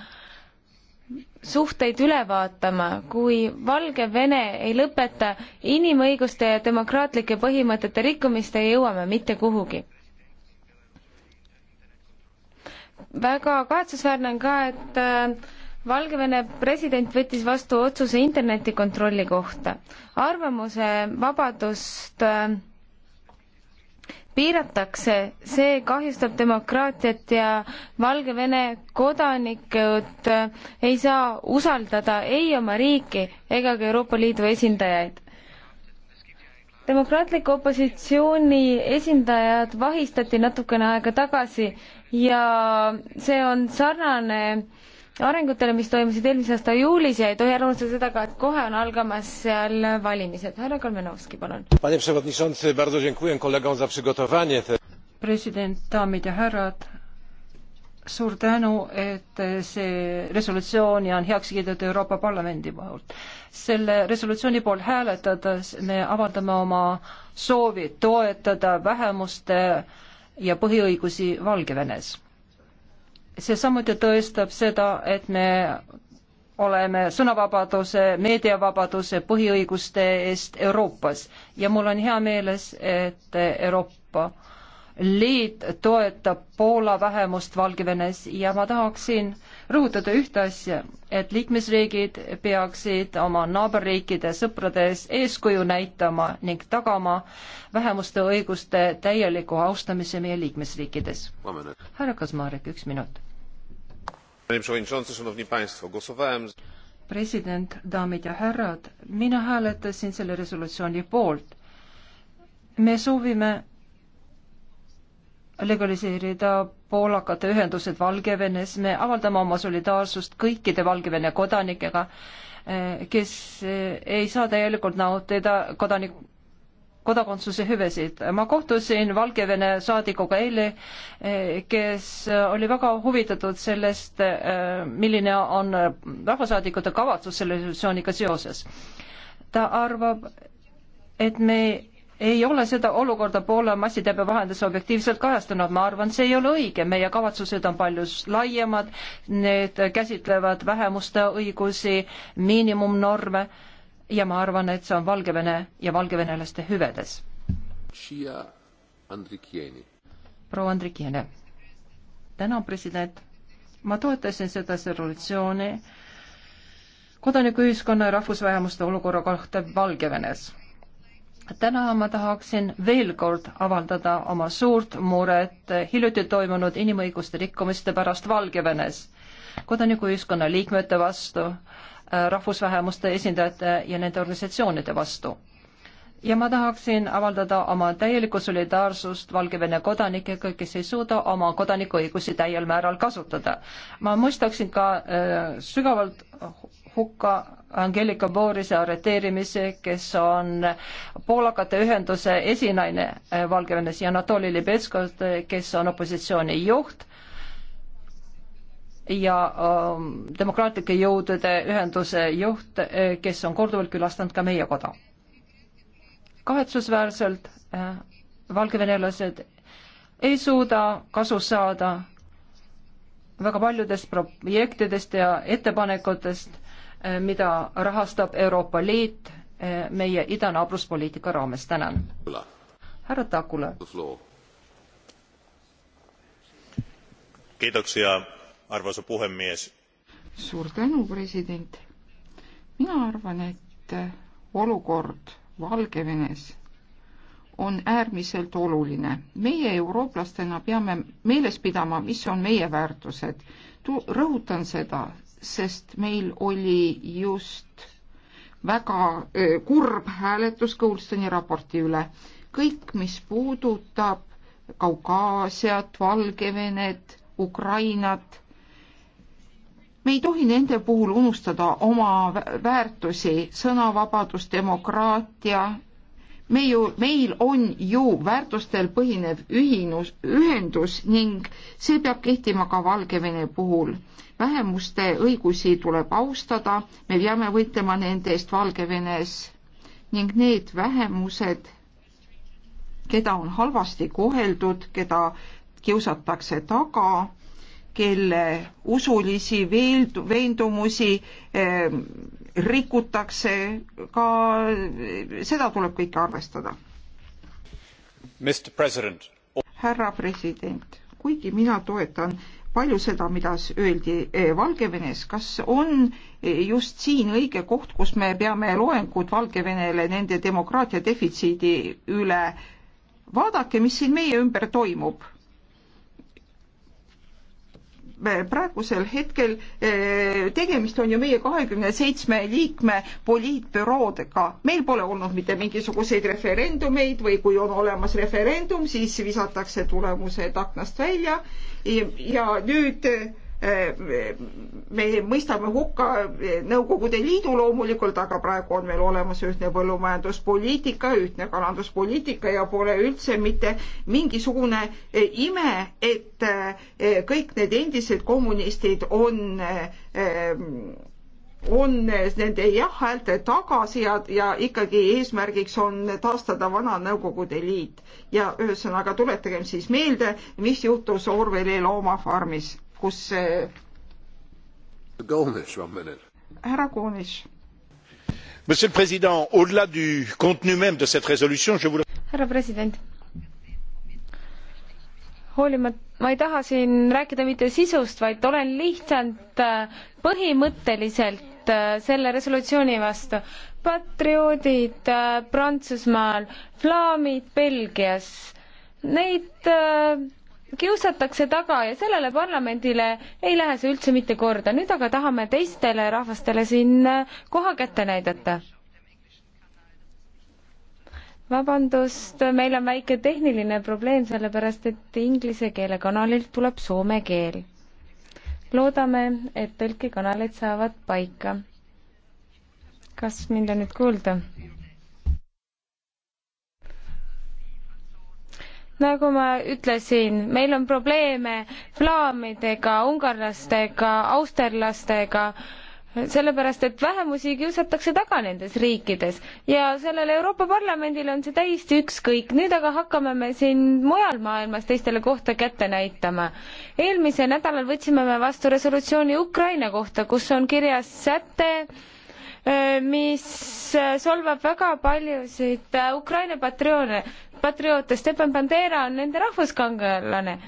suhteid üle vaatama, kui Valgevene ei lõpeta inimõiguste ja demokraatlike põhimõtete rikkumist, ei jõua me mitte kuhugi. väga kahetsusväärne on ka, et äh, Valgevene president võttis vastu otsuse internetikontrolli kohta. arvamuse vabadust äh, piiratakse, see kahjustab demokraatiat ja Valgevene kodanikud äh, ei saa usaldada ei oma riiki ega ka Euroopa Liidu esindajaid. demokraatliku opositsiooni esindajad vahistati natukene aega tagasi ja see on sarnane äh, arengutele, mis toimusid eelmise aasta juulis ja ei tohi ära unustada seda ka, et kohe on algamas seal valimised. härra Kolmenovski, palun. president, daamid ja härrad, suur tänu, et see resolutsioon ja on heaks kiidetud Euroopa Parlamendi poolt. selle resolutsiooni poolt hääletades me avaldame oma soovi toetada vähemuste ja põhiõigusi Valgevenes see samuti tõestab seda, et me oleme sõnavabaduse, meediavabaduse põhiõiguste eest Euroopas ja mul on hea meeles, et Euroopa Liit toetab Poola vähemust Valgevenes ja ma tahaksin äh, rõhutada ühte asja, et liikmesriigid peaksid oma naaberriikide sõprades eeskuju näitama ning tagama vähemuste õiguste täieliku austamise meie liikmesriikides. härra Kasmarek, üks minut. president, daamid ja härrad, mina hääletasin selle resolutsiooni poolt. me soovime legaliseerida poolakate ühendused Valgevenes, me avaldame oma solidaarsust kõikide Valgevene kodanikega, eh, kes eh, ei saa täielikult nautida kodanik, kodakondsuse hüvesid. ma kohtusin Valgevene saadikuga eile, eh, kes oli väga huvitatud sellest, milline on rahvasaadikute kavatsus selle resolutsiooniga seoses. ta arvab, et me ei ole seda olukorda Poola massiteabe vahendes objektiivselt kajastanud. ma arvan, see ei ole õige, meie kavatsused on palju laiemad, need käsitlevad vähemuste õigusi, miinimumnorme ja ma arvan, et see on Valgevene ja valgevenelaste hüvedes. proua Andrikiene, tänan, president. ma toetasin seda resolutsiooni kodanikuühiskonna ja rahvusvähemuste olukorra kohta Valgevenes täna ma tahaksin veel kord avaldada oma suurt muret hiljuti toimunud inimõiguste rikkumiste pärast Valgevenes, kodanikuühiskonna liikmete vastu, äh, rahvusvähemuste esindajate ja nende organisatsioonide vastu. ja ma tahaksin avaldada oma täielikku solidaarsust Valgevene kodanikega, kes ei suuda oma kodanikuõigusi täiel määral kasutada. ma mõistaksin ka äh, sügavalt hukka Angelika Borise arreteerimise, kes on poolakate ühenduse esinaine äh, Valgevenes ja Anatoli Libetskov, äh, kes on opositsiooni juht ja ähm, demokraatlike jõudude ühenduse juht, äh, kes on korduvalt külastanud ka meie koda. kahetsusväärselt äh, valgevenelased ei suuda kasu saada väga paljudest projektidest ja ettepanekutest Eh, mida rahastab Euroopa Liit eh, meie idanaabruspoliitika raames. tänan. härra Takula. kiitoksia, arvoisa puhemies. suur tänu, president. mina arvan, et olukord Valgevenes on äärmiselt oluline. meie eurooplastena peame meeles pidama, mis on meie väärtused. rõhutan seda, sest meil oli just väga eh, kurb hääletus Goldsteini raporti üle. kõik, mis puudutab Kaukaasiat, Valgevenet, Ukrainat, me ei tohi nende puhul unustada oma väärtusi, sõnavabadus, demokraatia, me ju, meil on ju väärtustel põhinev ühinus, ühendus ning see peab kehtima ka Valgevene puhul. vähemuste õigusi tuleb austada, me peame võitlema nende eest Valgevenes ning need vähemused, keda on halvasti koheldud, keda kiusatakse taga, kelle usulisi veeld-, veendumusi eh, rikutakse, ka seda tuleb kõike arvestada. härra president, kuigi mina toetan palju seda, mida öeldi eh, Valgevenes, kas on eh, just siin õige koht, kus me peame loengut Valgevenele nende demokraatia defitsiidi üle? vaadake, mis siin meie ümber toimub praegusel hetkel eh, tegemist on ju meie kahekümne seitsme liikme poliitbüroodega. meil pole olnud mitte mingisuguseid referendumeid või kui on olemas referendum, siis visatakse tulemused aknast välja ja, ja nüüd eh, me mõistame hukka Nõukogude Liidu loomulikult, aga praegu on meil olemas ühtne põllumajanduspoliitika, ühtne kalanduspoliitika ja pole üldse mitte mingisugune ime, et eh, kõik need endised kommunistid on eh, on nende jah-häälte tagasi ja, ja ikkagi eesmärgiks on taastada vana Nõukogude Liit. ja ühesõnaga tuletagem siis meelde, mis juhtus Orwelli loomafarmis kus härra Koonis. Monsieur le Président, au-delà du contenu même de cette résolution, je voulais. härra president, hoolimata, ma ei taha siin rääkida mitte sisust, vaid olen lihtsalt äh, põhimõtteliselt äh, selle resolutsiooni vastu. patrioodid äh, Prantsusmaal, flaamid Belgias, neid kiusatakse taga ja sellele parlamendile ei lähe see üldse mitte korda. nüüd aga tahame teistele rahvastele siin äh, koha kätte näidata. vabandust, meil on väike tehniline probleem, sellepärast et inglise keele kanalilt tuleb soome keel. loodame, et tõlkekanalid saavad paika. kas mind on nüüd kuulda? nagu ma ütlesin, meil on probleeme flaamidega, ungarlastega, austerlastega, sellepärast et vähemusi kiusatakse taga nendes riikides ja sellel Euroopa Parlamendil on see täiesti ükskõik, nüüd aga hakkame me siin mujal maailmas teistele kohta kätte näitama. eelmisel nädalal võtsime me vastu resolutsiooni Ukraina kohta, kus on kirjas säte, Äh, mis äh, solvab väga paljusid äh, Ukraina patrioone, patrioote. Stepan Bandera on nende rahvuskangelane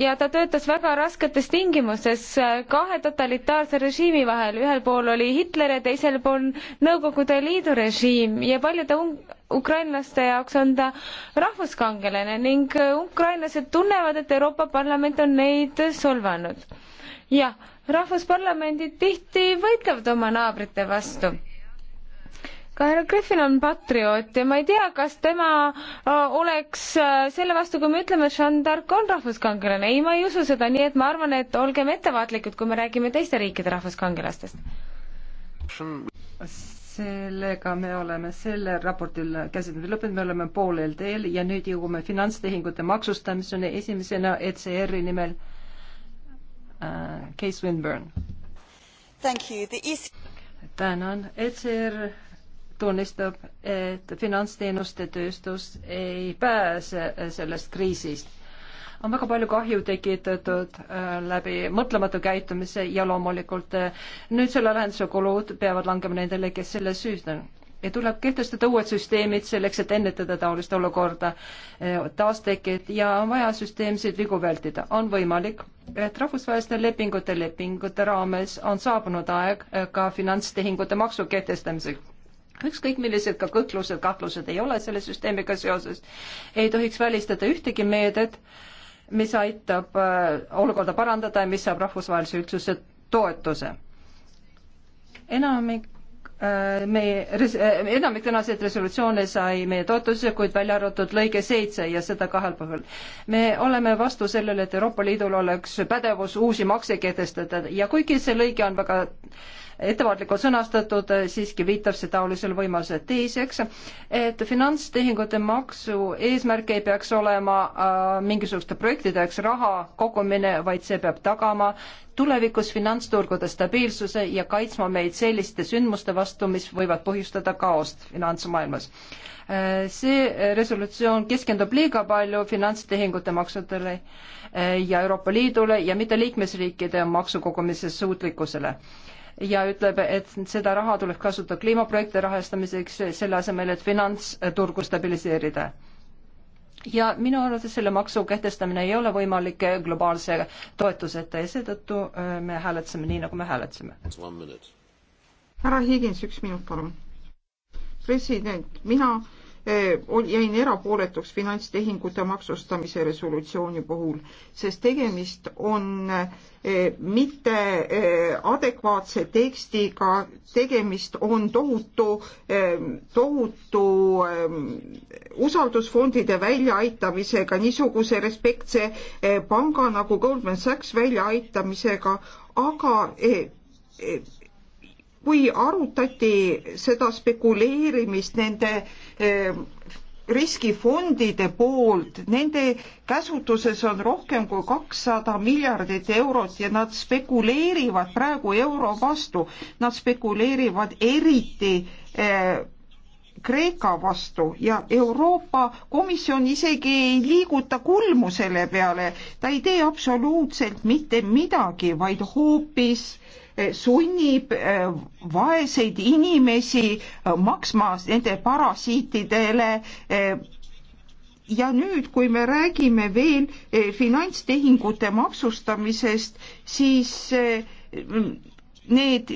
ja ta töötas väga rasketes tingimustes kahe totalitaarse režiimi vahel, ühel pool oli Hitler ja teisel pool Nõukogude Liidu režiim ja paljude ukrainlaste jaoks on ta rahvuskangelane ning ukrainlased tunnevad, et Euroopa Parlament on neid solvanud. jah rahvusparlamendid tihti võitlevad oma naabrite vastu. ka härra Griffin on patrioot ja ma ei tea, kas tema äh, oleks äh, selle vastu, kui me ütleme, et Jeanne d'Arc on rahvuskangelane. ei, ma ei usu seda, nii et ma arvan, et olgem ettevaatlikud, kui me räägime teiste riikide rahvuskangelastest. sellega me oleme selle raporti käsitlemise lõpetanud, me oleme poolel teel ja nüüd jõuame finantstehingute maksustamiseni esimesena ECR-i nimel äh, Kay Swinburne. tänan, ECR tunnistab, et finantsteenuste tööstus ei pääse äh, sellest kriisist. on väga palju kahju tekitatud äh, läbi mõtlematu käitumise ja loomulikult äh, nüüd selle lahenduse kulud peavad langema nendele, kes selle süüdi on ja tuleb kehtestada uued süsteemid selleks, et ennetada taolist olukorda, eh, taastekit ja on vaja süsteemseid vigu vältida. on võimalik, et rahvusvaheliste lepingute lepingute raames on saabunud aeg eh, ka finantstehingute maksu kehtestamiseks ükskõik millised ka kõhklused, kahtlused ei ole selle süsteemiga seoses, ei tohiks välistada ühtegi meedet, mis aitab eh, olukorda parandada ja mis saab rahvusvahelise üldsuse toetuse. enamik Äh, meie res-, äh, enamik tänaseid resolutsioone sai meie toetuse, kuid välja arvatud lõige seitse ja seda kahel põhjal. me oleme vastu sellele, et Euroopa Liidul oleks pädevus uusi makse kehtestada ja kuigi see lõige on väga ettevaatlikult sõnastatud, siiski viitab see taolisele võimalusele. teiseks, et finantstehingute maksu eesmärk ei peaks olema äh, mingisuguste projektideks raha kogumine, vaid see peab tagama tulevikus finantsturgude stabiilsuse ja kaitsma meid selliste sündmuste vastu, mis võivad põhjustada kaost finantsmaailmas. Äh, see resolutsioon keskendub liiga palju finantstehingute maksudele äh, ja Euroopa Liidule ja mitte liikmesriikide maksukogumise suutlikkusele ja ütleb, et seda raha tuleb kasutada kliimaprojekti rahastamiseks, selle asemel, et finantsturgu stabiliseerida ja minu arvates selle maksu kehtestamine ei ole võimalik globaalse toetuseta ja seetõttu äh, me hääletasime nii, nagu me hääletasime. härra Higins, üks minut palun. president, mina Eh, jäin erapooletuks finantstehingute maksustamise resolutsiooni puhul, sest tegemist on eh, mitte eh, adekvaatse tekstiga, tegemist on tohutu, tohutu usaldusfondide väljaaitamisega, niisuguse respektse panga nagu Goldman Sachs väljaaitamisega, aga kui arutati seda spekuleerimist nende eh, riskifondide poolt, nende käsutuses on rohkem kui kakssada miljardit eurot ja nad spekuleerivad praegu euro vastu. Nad spekuleerivad eriti eh, Kreeka vastu ja Euroopa Komisjon isegi ei liiguta kulmu selle peale, ta ei tee absoluutselt mitte midagi, vaid hoopis eh, sunnib äh, vaeseid inimesi äh, maksma nende parasiitidele äh, ja nüüd, kui me räägime veel finantstehingute maksustamisest, siis need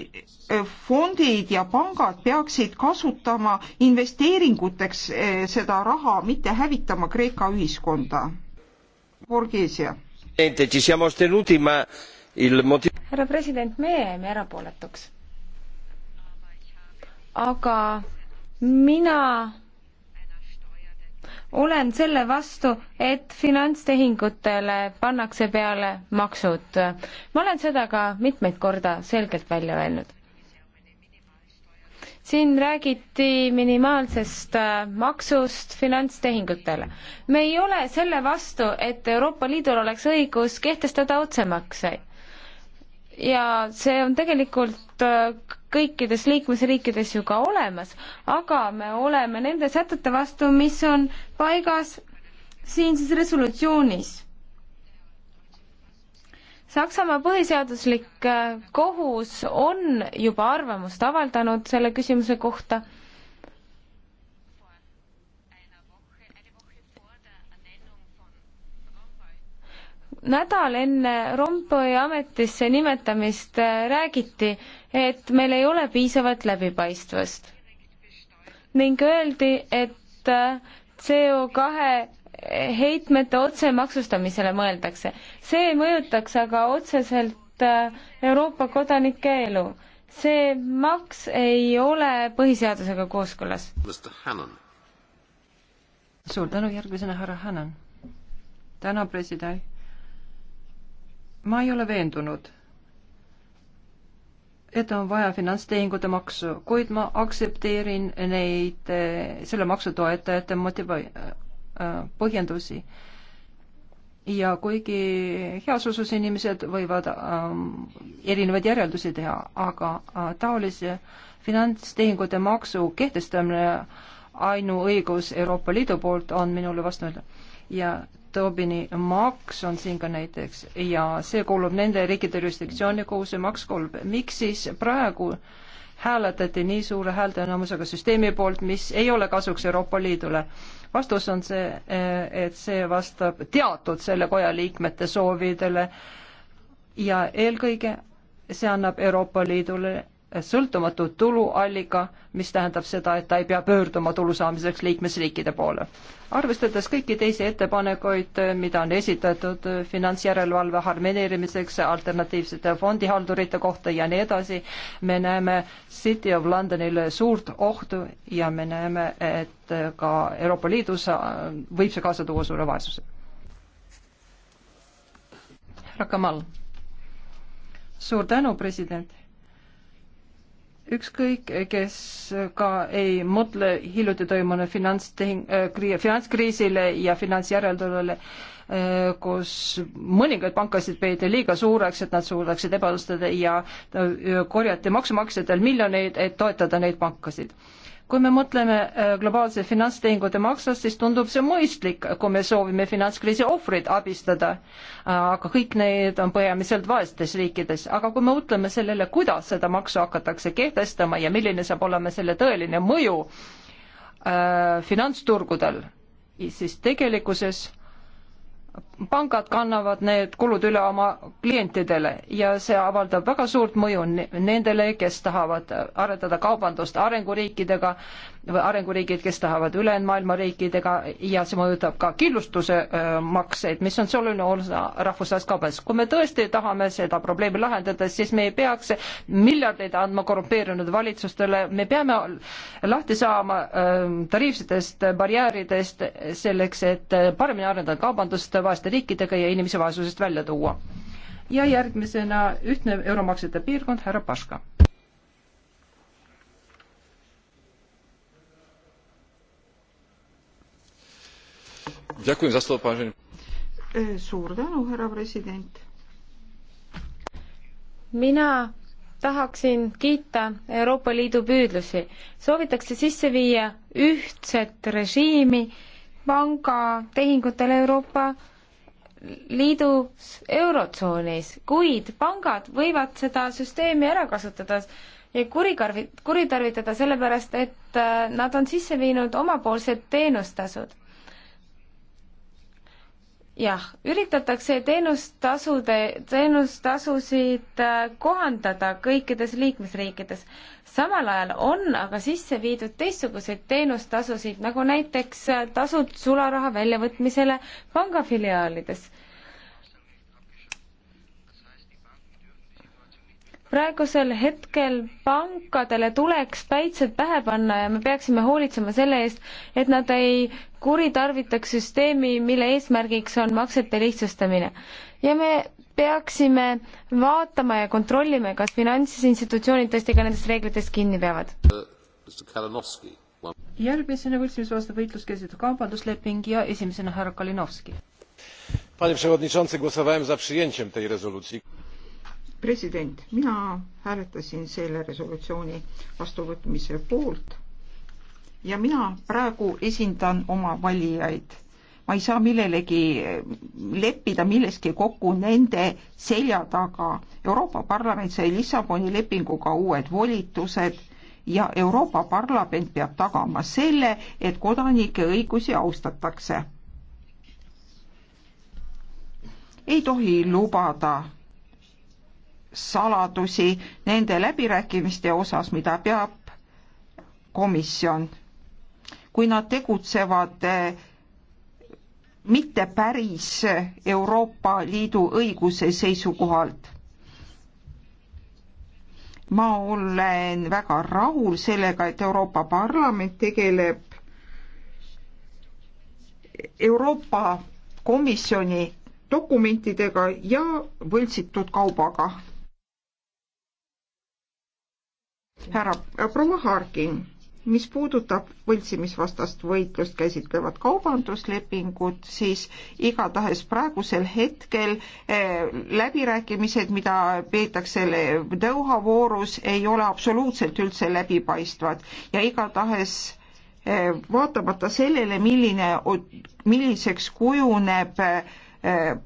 fondid ja pangad peaksid kasutama investeeringuteks seda raha, mitte hävitama Kreeka ühiskonda. Borgesia härra president, meie jäime erapooletuks. aga mina olen selle vastu, et finantstehingutele pannakse peale maksud. ma olen seda ka mitmeid korda selgelt välja öelnud. siin räägiti minimaalsest äh, maksust finantstehingutele. me ei ole selle vastu, et Euroopa Liidul oleks õigus kehtestada otsemakseid ja see on tegelikult äh, kõikides liikmesriikides ju ka olemas, aga me oleme nende sätete vastu, mis on paigas siinses resolutsioonis. Saksamaa põhiseaduslik äh, kohus on juba arvamust avaldanud selle küsimuse kohta nädal enne Rompuy ametisse nimetamist äh, räägiti, et meil ei ole piisavat läbipaistvust ning öeldi, et äh, CO kahe äh, heitmete otsemaksustamisele mõeldakse. see mõjutaks aga otseselt Euroopa kodanike elu. see maks ei ole põhiseadusega kooskõlas. suur tänu, järgmisena härra Hannan. täna president ma ei ole veendunud, et on vaja finantstehingute maksu, kuid ma aktsepteerin neid, eh, selle maksu toetajate motiva-, eh, põhjendusi. ja kuigi heas usus inimesed võivad ähm, erinevaid järeldusi teha, aga äh, taolise finantstehingute maksu kehtestamine ainuõigus Euroopa Liidu poolt on minule vastuväide ja Tobini maks on siin ka näiteks ja see kuulub nende riikide jurisdiktsiooni, kuhu see maks kuulub. miks siis praegu hääletati nii suure häälteenamusega süsteemi poolt, mis ei ole kasuks Euroopa Liidule? vastus on see, et see vastab teatud selle koja liikmete soovidele ja eelkõige see annab Euroopa Liidule sõltumatu tuluallika, mis tähendab seda, et ta ei pea pöörduma tulu saamiseks liikmesriikide poole. arvestades kõiki teisi ettepanekuid, mida on esitatud finantsjärelevalve harmoneerimiseks, alternatiivsete fondihaldurite kohta ja nii edasi, me näeme City of Londonile suurt ohtu ja me näeme, et ka Euroopa Liidus äh, võib see kaasa tuua suure vaesuse. härra Kamal. suur tänu, president ükskõik, kes ka ei mõtle hiljuti toimunud finantstehing äh,, finantskriisile ja finantsjärelevalvele äh,, kus mõningaid pankasid peeti liiga suureks, et nad suudaksid ebalustada ja äh, korjati maksumaksjatel miljoneid, et toetada neid pankasid äh, kui me mõtleme äh, globaalse finantstehingute maksust, siis tundub see mõistlik, kui me soovime finantskriisi ohvreid abistada. aga kõik need on põhimõtteliselt vaestes riikides, aga kui me mõtleme sellele, kuidas seda maksu hakatakse kehtestama ja milline saab olema selle tõeline mõju äh, finantsturgudel, siis tegelikkuses pangad kannavad need kulud üle oma klientidele ja see avaldab väga suurt mõju nendele, kes tahavad arendada kaubandust arenguriikidega või arenguriigid, kes tahavad ülejäänud maailma riikidega ja see mõjutab ka kindlustuse makseid, mis on oluline osa rahvusvahelisest kaubandusest. kui me tõesti tahame seda probleemi lahendada, siis me ei peaks miljardeid andma korrumpeerunud valitsustele, me peame lahti saama tariifsetest barjääridest selleks, et paremini arendada kaubandust vaeste riikidega ja inimesi vaesusest välja tuua. ja järgmisena ühtne euromaksete piirkond, härra Paška. suur tänu, härra president. mina tahaksin kiita Euroopa Liidu püüdlusi. soovitakse sisse viia ühtset režiimi pangatehingutele Euroopa liidus, eurotsoonis, kuid pangad võivad seda süsteemi ära kasutada ja kurikarvi-, kuritarvitada sellepärast, et äh, nad on sisse viinud omapoolsed teenustasud jah, üritatakse teenustasude, teenustasusid äh, kohandada kõikides liikmesriikides. samal ajal on aga sisse viidud teistsuguseid teenustasusid, nagu näiteks äh, tasud sularaha väljavõtmisele pangafiliaalides praegusel hetkel pankadele tuleks päitsed pähe panna ja me peaksime hoolitsema selle eest, et nad ei kuritarvitaks süsteemi, mille eesmärgiks on maksete lihtsustamine. ja me peaksime vaatama ja kontrollima, kas finantsinstitutsioonid tõesti ka nendest reeglitest kinni peavad. järgmisena võltsimisvastane võitlus keset kaubandusleping ja esimesena härra Kalinovski. Panie przewodniczący, głosowałem za przyjęciem tej rezolucji president, mina hääletasin selle resolutsiooni vastuvõtmise poolt ja mina praegu esindan oma valijaid. ma ei saa millelegi leppida milleski kokku nende selja taga. Euroopa Parlament sai Lissaboni lepinguga uued volitused ja Euroopa Parlament peab tagama selle, et kodanike õigusi austatakse. ei tohi lubada saladusi nende läbirääkimiste osas, mida peab komisjon. kui nad tegutsevad eh, mitte päris Euroopa Liidu õiguse seisukohalt. ma olen väga rahul sellega, et Euroopa Parlament tegeleb Euroopa Komisjoni dokumentidega ja võltsitud kaubaga härra, äh, proua Harkin, mis puudutab võltsimisvastast võitlust käsitlevat kaubanduslepingut, siis igatahes praegusel hetkel äh, läbirääkimised, mida peetakse Doha voorus, ei ole absoluutselt üldse läbipaistvad ja igatahes äh, vaatamata sellele, milline, milliseks kujuneb äh,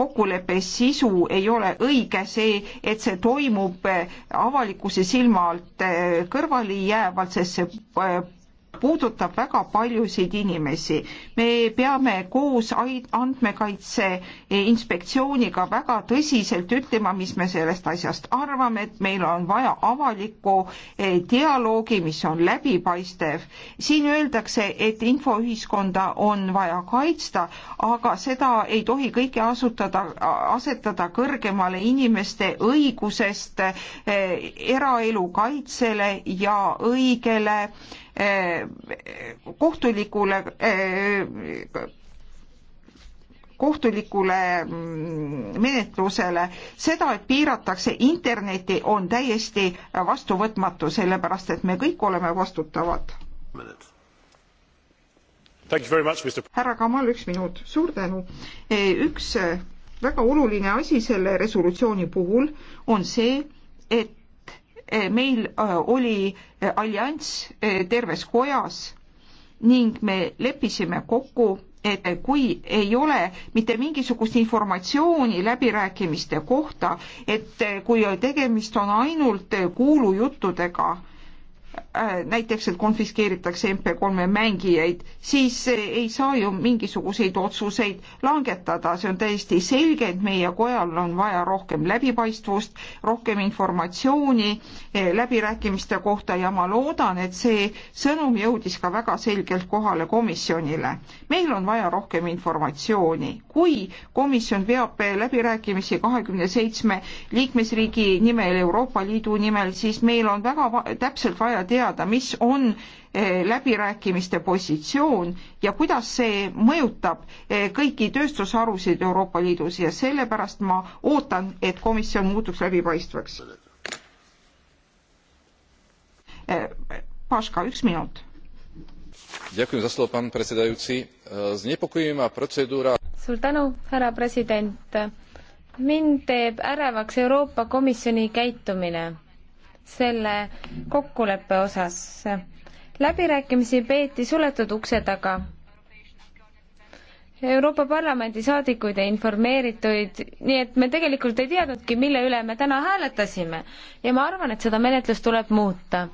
kokkuleppe sisu ei ole õige, see, et see toimub avalikkuse silma alt eh, kõrvale jäävalt, sest see eh, puudutab väga paljusid inimesi. me peame koos andmekaitse inspektsiooniga väga tõsiselt ütlema, mis me sellest asjast arvame, et meil on vaja avalikku eh, dialoogi, mis on läbipaistev. siin öeldakse, et infoühiskonda on vaja kaitsta, aga seda ei tohi kõike asutada, asetada kõrgemale inimeste õigusest eh, eraelu kaitsele ja õigele Äh, kohtulikule äh, kohtulikule mm, menetlusele, seda, et piiratakse Internetti, on täiesti vastuvõtmatu, sellepärast et me kõik oleme vastutavad. härra Kamal, üks minut, suur tänu. Äh, üks väga oluline asi selle resolutsiooni puhul on see, et meil äh, oli äh, allianss äh, terves kojas ning me leppisime kokku, et kui ei ole mitte mingisugust informatsiooni läbirääkimiste kohta, et kui tegemist on ainult kuulujuttudega, Äh, näiteks, et konfiskeeritakse MP3-e mängijaid, siis äh, ei saa ju mingisuguseid otsuseid langetada, see on täiesti selge, et meie kojal on vaja rohkem läbipaistvust, rohkem informatsiooni äh, läbirääkimiste kohta ja ma loodan, et see sõnum jõudis ka väga selgelt kohale komisjonile. meil on vaja rohkem informatsiooni. kui komisjon veab läbirääkimisi kahekümne seitsme liikmesriigi nimel, Euroopa Liidu nimel, siis meil on väga täpselt vaja teada, teada, mis on eh, läbirääkimiste positsioon ja kuidas see mõjutab eh, kõiki tööstusharusid Euroopa Liidus ja sellepärast ma ootan, et komisjon muutuks läbipaistvaks. Eh, Paška, üks minut. suur tänu, härra president mind teeb ärevaks Euroopa Komisjoni käitumine selle kokkuleppe osas. läbirääkimisi peeti suletud ukse taga. Euroopa Parlamendi saadikuid ei informeerituid, nii et me tegelikult ei teadnudki, mille üle me täna hääletasime. ja ma arvan, et seda menetlust tuleb muuta.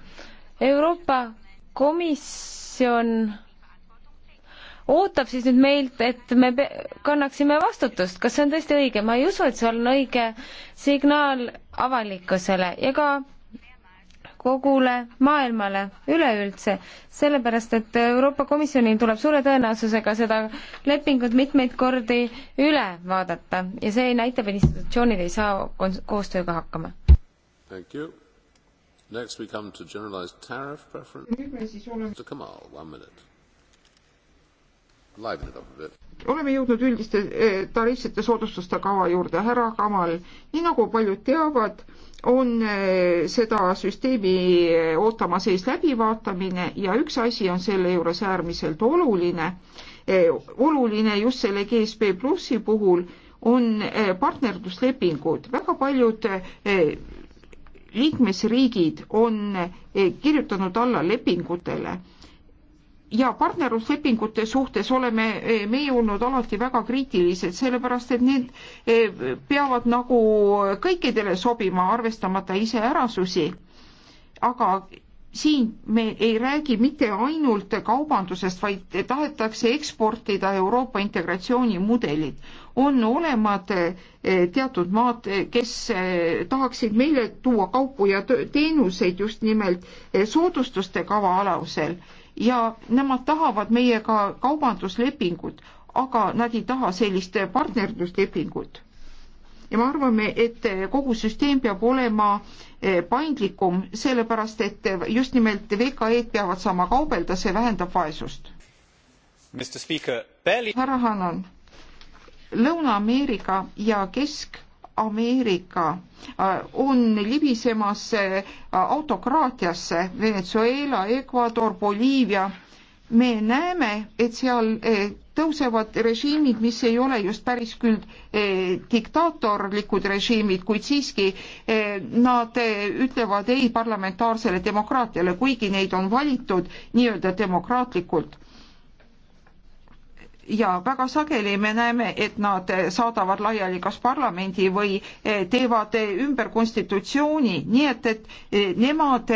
Euroopa Komisjon ootab siis nüüd meilt, et me kannaksime vastutust, kas see on tõesti õige, ma ei usu, et see on õige signaal avalikkusele ja ka kogule maailmale üleüldse, sellepärast et Euroopa Komisjonil tuleb suure tõenäosusega seda lepingut mitmeid kordi üle vaadata ja see näitab, et institutsioonid ei saa koostööga hakkama. Next we come to generalized tariff preference. Mr. Kamal, one minute oleme jõudnud üldiste eh, tariifsete soodustuste kava juurde. härra Kamal, nii nagu paljud teavad, on eh, seda süsteemi eh, ootama sees läbivaatamine ja üks asi on selle juures äärmiselt oluline. oluline just selle GSP Plussi puhul on partnerluslepingud. väga paljud liikmesriigid on kirjutanud alla lepingutele ja partnerluslepingute suhtes oleme e, meie olnud alati väga kriitilised, sellepärast et need e, peavad nagu kõikidele sobima, arvestamata iseärasusi. aga siin me ei räägi mitte ainult kaubandusest, vaid tahetakse eksportida Euroopa integratsioonimudelid. on olemad e, teatud maad, kes tahaksid meile tuua kaupu ja teenuseid just nimelt soodustuste kava alusel ja nemad tahavad meiega kaubanduslepingut, aga nad ei taha sellist partnerluslepingut. ja me arvame, et kogu süsteem peab olema eh, paindlikum, sellepärast et just nimelt VKE-d peavad saama kaubelda, see vähendab vaesust. härra Hannan, Lõuna-Ameerika ja Kesk- Ameerika äh, on libisemas äh, autokraatiasse Venezuela, Ecuador, Boliivia. me näeme, et seal äh, tõusevad režiimid, mis ei ole just päris küll diktaatorlikud režiimid, kuid siiski nad ütlevad ei parlamentaarsele demokraatiale, kuigi neid on valitud nii-öelda demokraatlikult ja väga sageli me näeme, et nad saadavad laiali kas parlamendi või eh, teevad eh, ümber konstitutsiooni, nii et, et eh, nemad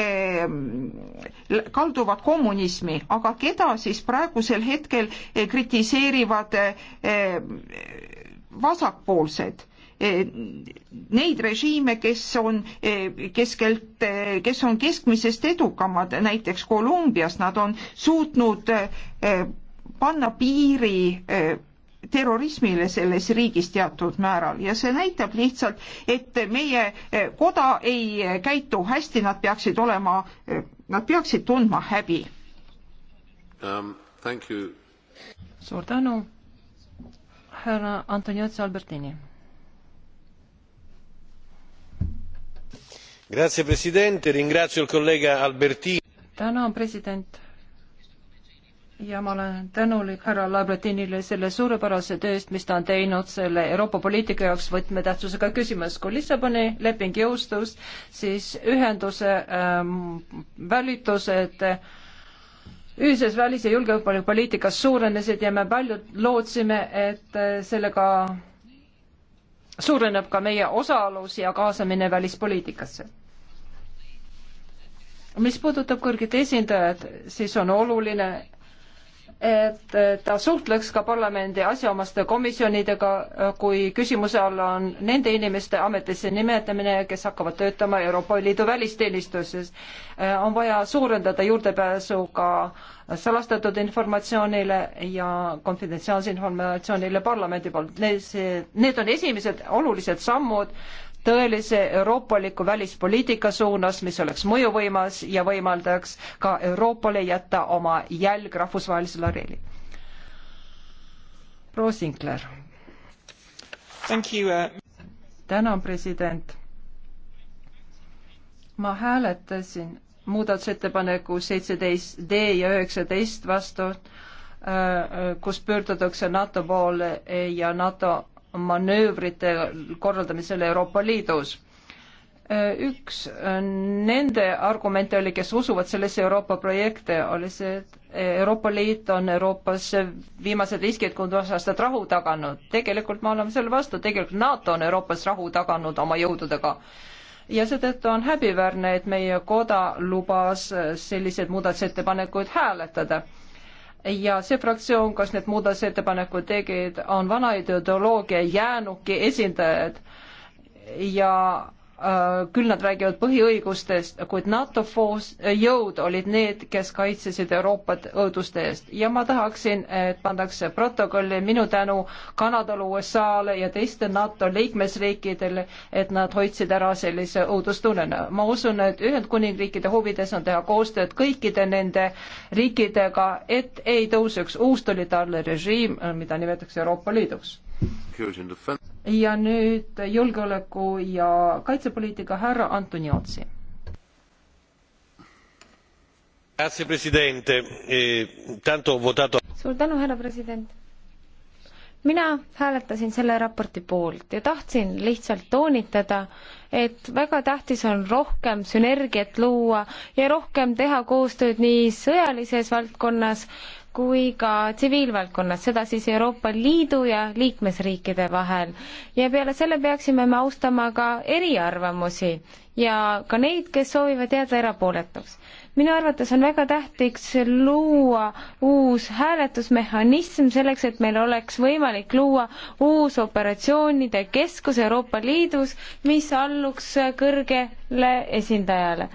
kalduvad kommunismi, aga keda siis praegusel hetkel kritiseerivad vasakpoolsed? Neid režiime, kes on keskelt, kes on keskmisest edukamad, näiteks Kolumbias, nad on suutnud panna piiri eh, terrorismile selles riigis teatud määral ja see näitab lihtsalt, et meie eh, koda ei eh, käitu hästi, nad peaksid olema, nad peaksid tundma häbi um,. suur tänu, härra Antoniotsi Albertini. tänan, president ja ma olen tänulik härra Labretinile selle suurepärase töö eest, mis ta on teinud selle Euroopa poliitika jaoks võtmetähtsusega küsimus. kui Lissaboni leping jõustus, siis ühenduse ähm, välitused äh, ühises välis- ja julgeolekupoliitikas suurenesid ja me paljud lootsime, et äh, sellega suureneb ka meie osalus ja kaasamine välispoliitikasse mis puudutab kõrget esindajat, siis on oluline, et ta suhtleks ka parlamendi asjaomaste komisjonidega, kui küsimuse all on nende inimeste ametisse nimetamine, kes hakkavad töötama Euroopa Liidu välisteenistuses. Äh, on vaja suurendada juurdepääsu ka salastatud informatsioonile ja konfidentsiaalse informatsioonile parlamendi poolt. Need on esimesed olulised sammud tõelise euroopaliku välispoliitika suunas, mis oleks mõjuvõimas ja võimaldaks ka Euroopale jätta oma jälg rahvusvahelisel areenil. proua Sinkler. Uh, tänan, president. ma hääletasin muudatusettepaneku seitseteist D ja üheksateist vastu, äh, äh, kus pöördutakse NATO poole ja NATO manöövrite korraldamisel Euroopa Liidus. üks nende argumente oli, kes usuvad sellesse Euroopa projekte, oli see, et Euroopa Liit on Euroopas viimased viiskümmend aastat rahu taganud. tegelikult me oleme selle vastu, tegelikult NATO on Euroopas rahu taganud oma jõududega ja seetõttu on häbiväärne, et meie koda lubas selliseid muudatusettepanekuid hääletada ja see fraktsioon, kes need muudatusettepanekud tegid, on vana ideoloogia jäänuki esindajad ja Äh, küll nad räägivad põhiõigustest, kuid NATO foos, äh, jõud olid need, kes kaitsesid Euroopat õuduste eest ja ma tahaksin, et pandakse protokolli minu tänu Kanadale, USA-le ja teiste NATO liikmesriikidele, et nad hoidsid ära sellise õudustunnena. ma usun, et Ühendkuningriikide huvides on teha koostööd kõikide nende riikidega, et ei tõuseks uus totalitaarne režiim, äh, mida nimetatakse Euroopa Liiduks ja nüüd julgeoleku ja kaitsepoliitika härra Antoniotsi. E, suur tänu, härra president. mina hääletasin selle raporti poolt ja tahtsin lihtsalt toonitada, et väga tähtis on rohkem sünergiat luua ja rohkem teha koostööd nii sõjalises valdkonnas kui ka tsiviilvaldkonnas, seda siis Euroopa Liidu ja liikmesriikide vahel. ja peale selle peaksime me austama ka eriarvamusi ja ka neid, kes soovivad jääda erapooletuks. minu arvates on väga tähtis luua uus hääletusmehhanism selleks, et meil oleks võimalik luua uus operatsioonide keskus Euroopa Liidus, mis alluks kõrgele esindajale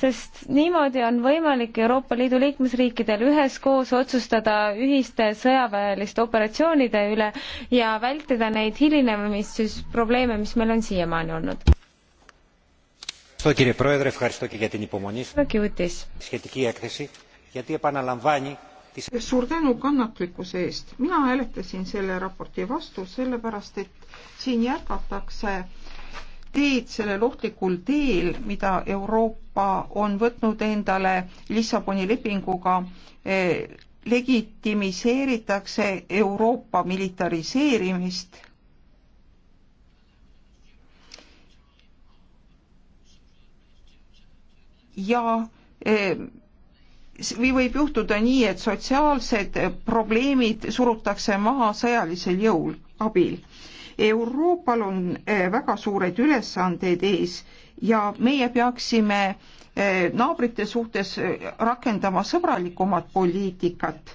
sest niimoodi on võimalik Euroopa Liidu liikmesriikidel üheskoos otsustada ühiste sõjaväeliste operatsioonide üle ja vältida neid hilinemisprobleeme, mis meil on siiamaani olnud. suur tänu kannatlikkuse eest. mina hääletasin selle raporti vastu sellepärast, et siin jätkatakse teed sellel ohtlikul teel, mida Euroopa on võtnud endale Lissaboni lepinguga, eh, legitimiseeritakse Euroopa militariseerimist. ja eh, või võib juhtuda nii, et sotsiaalsed probleemid surutakse maha sõjalisel jõul, abil Euroopal on eh, väga suured ülesanded ees ja meie peaksime eh, naabrite suhtes eh, rakendama sõbralikumat poliitikat.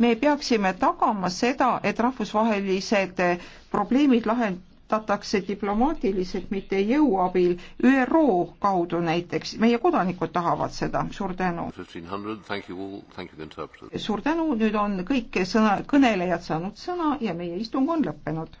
me peaksime tagama seda, et rahvusvahelised probleemid lahendatakse diplomaatiliselt, mitte jõu abil, ÜRO kaudu näiteks, meie kodanikud tahavad seda, suur tänu. suur tänu, nüüd on kõik sõna, kõnelejad saanud sõna ja meie istung on lõppenud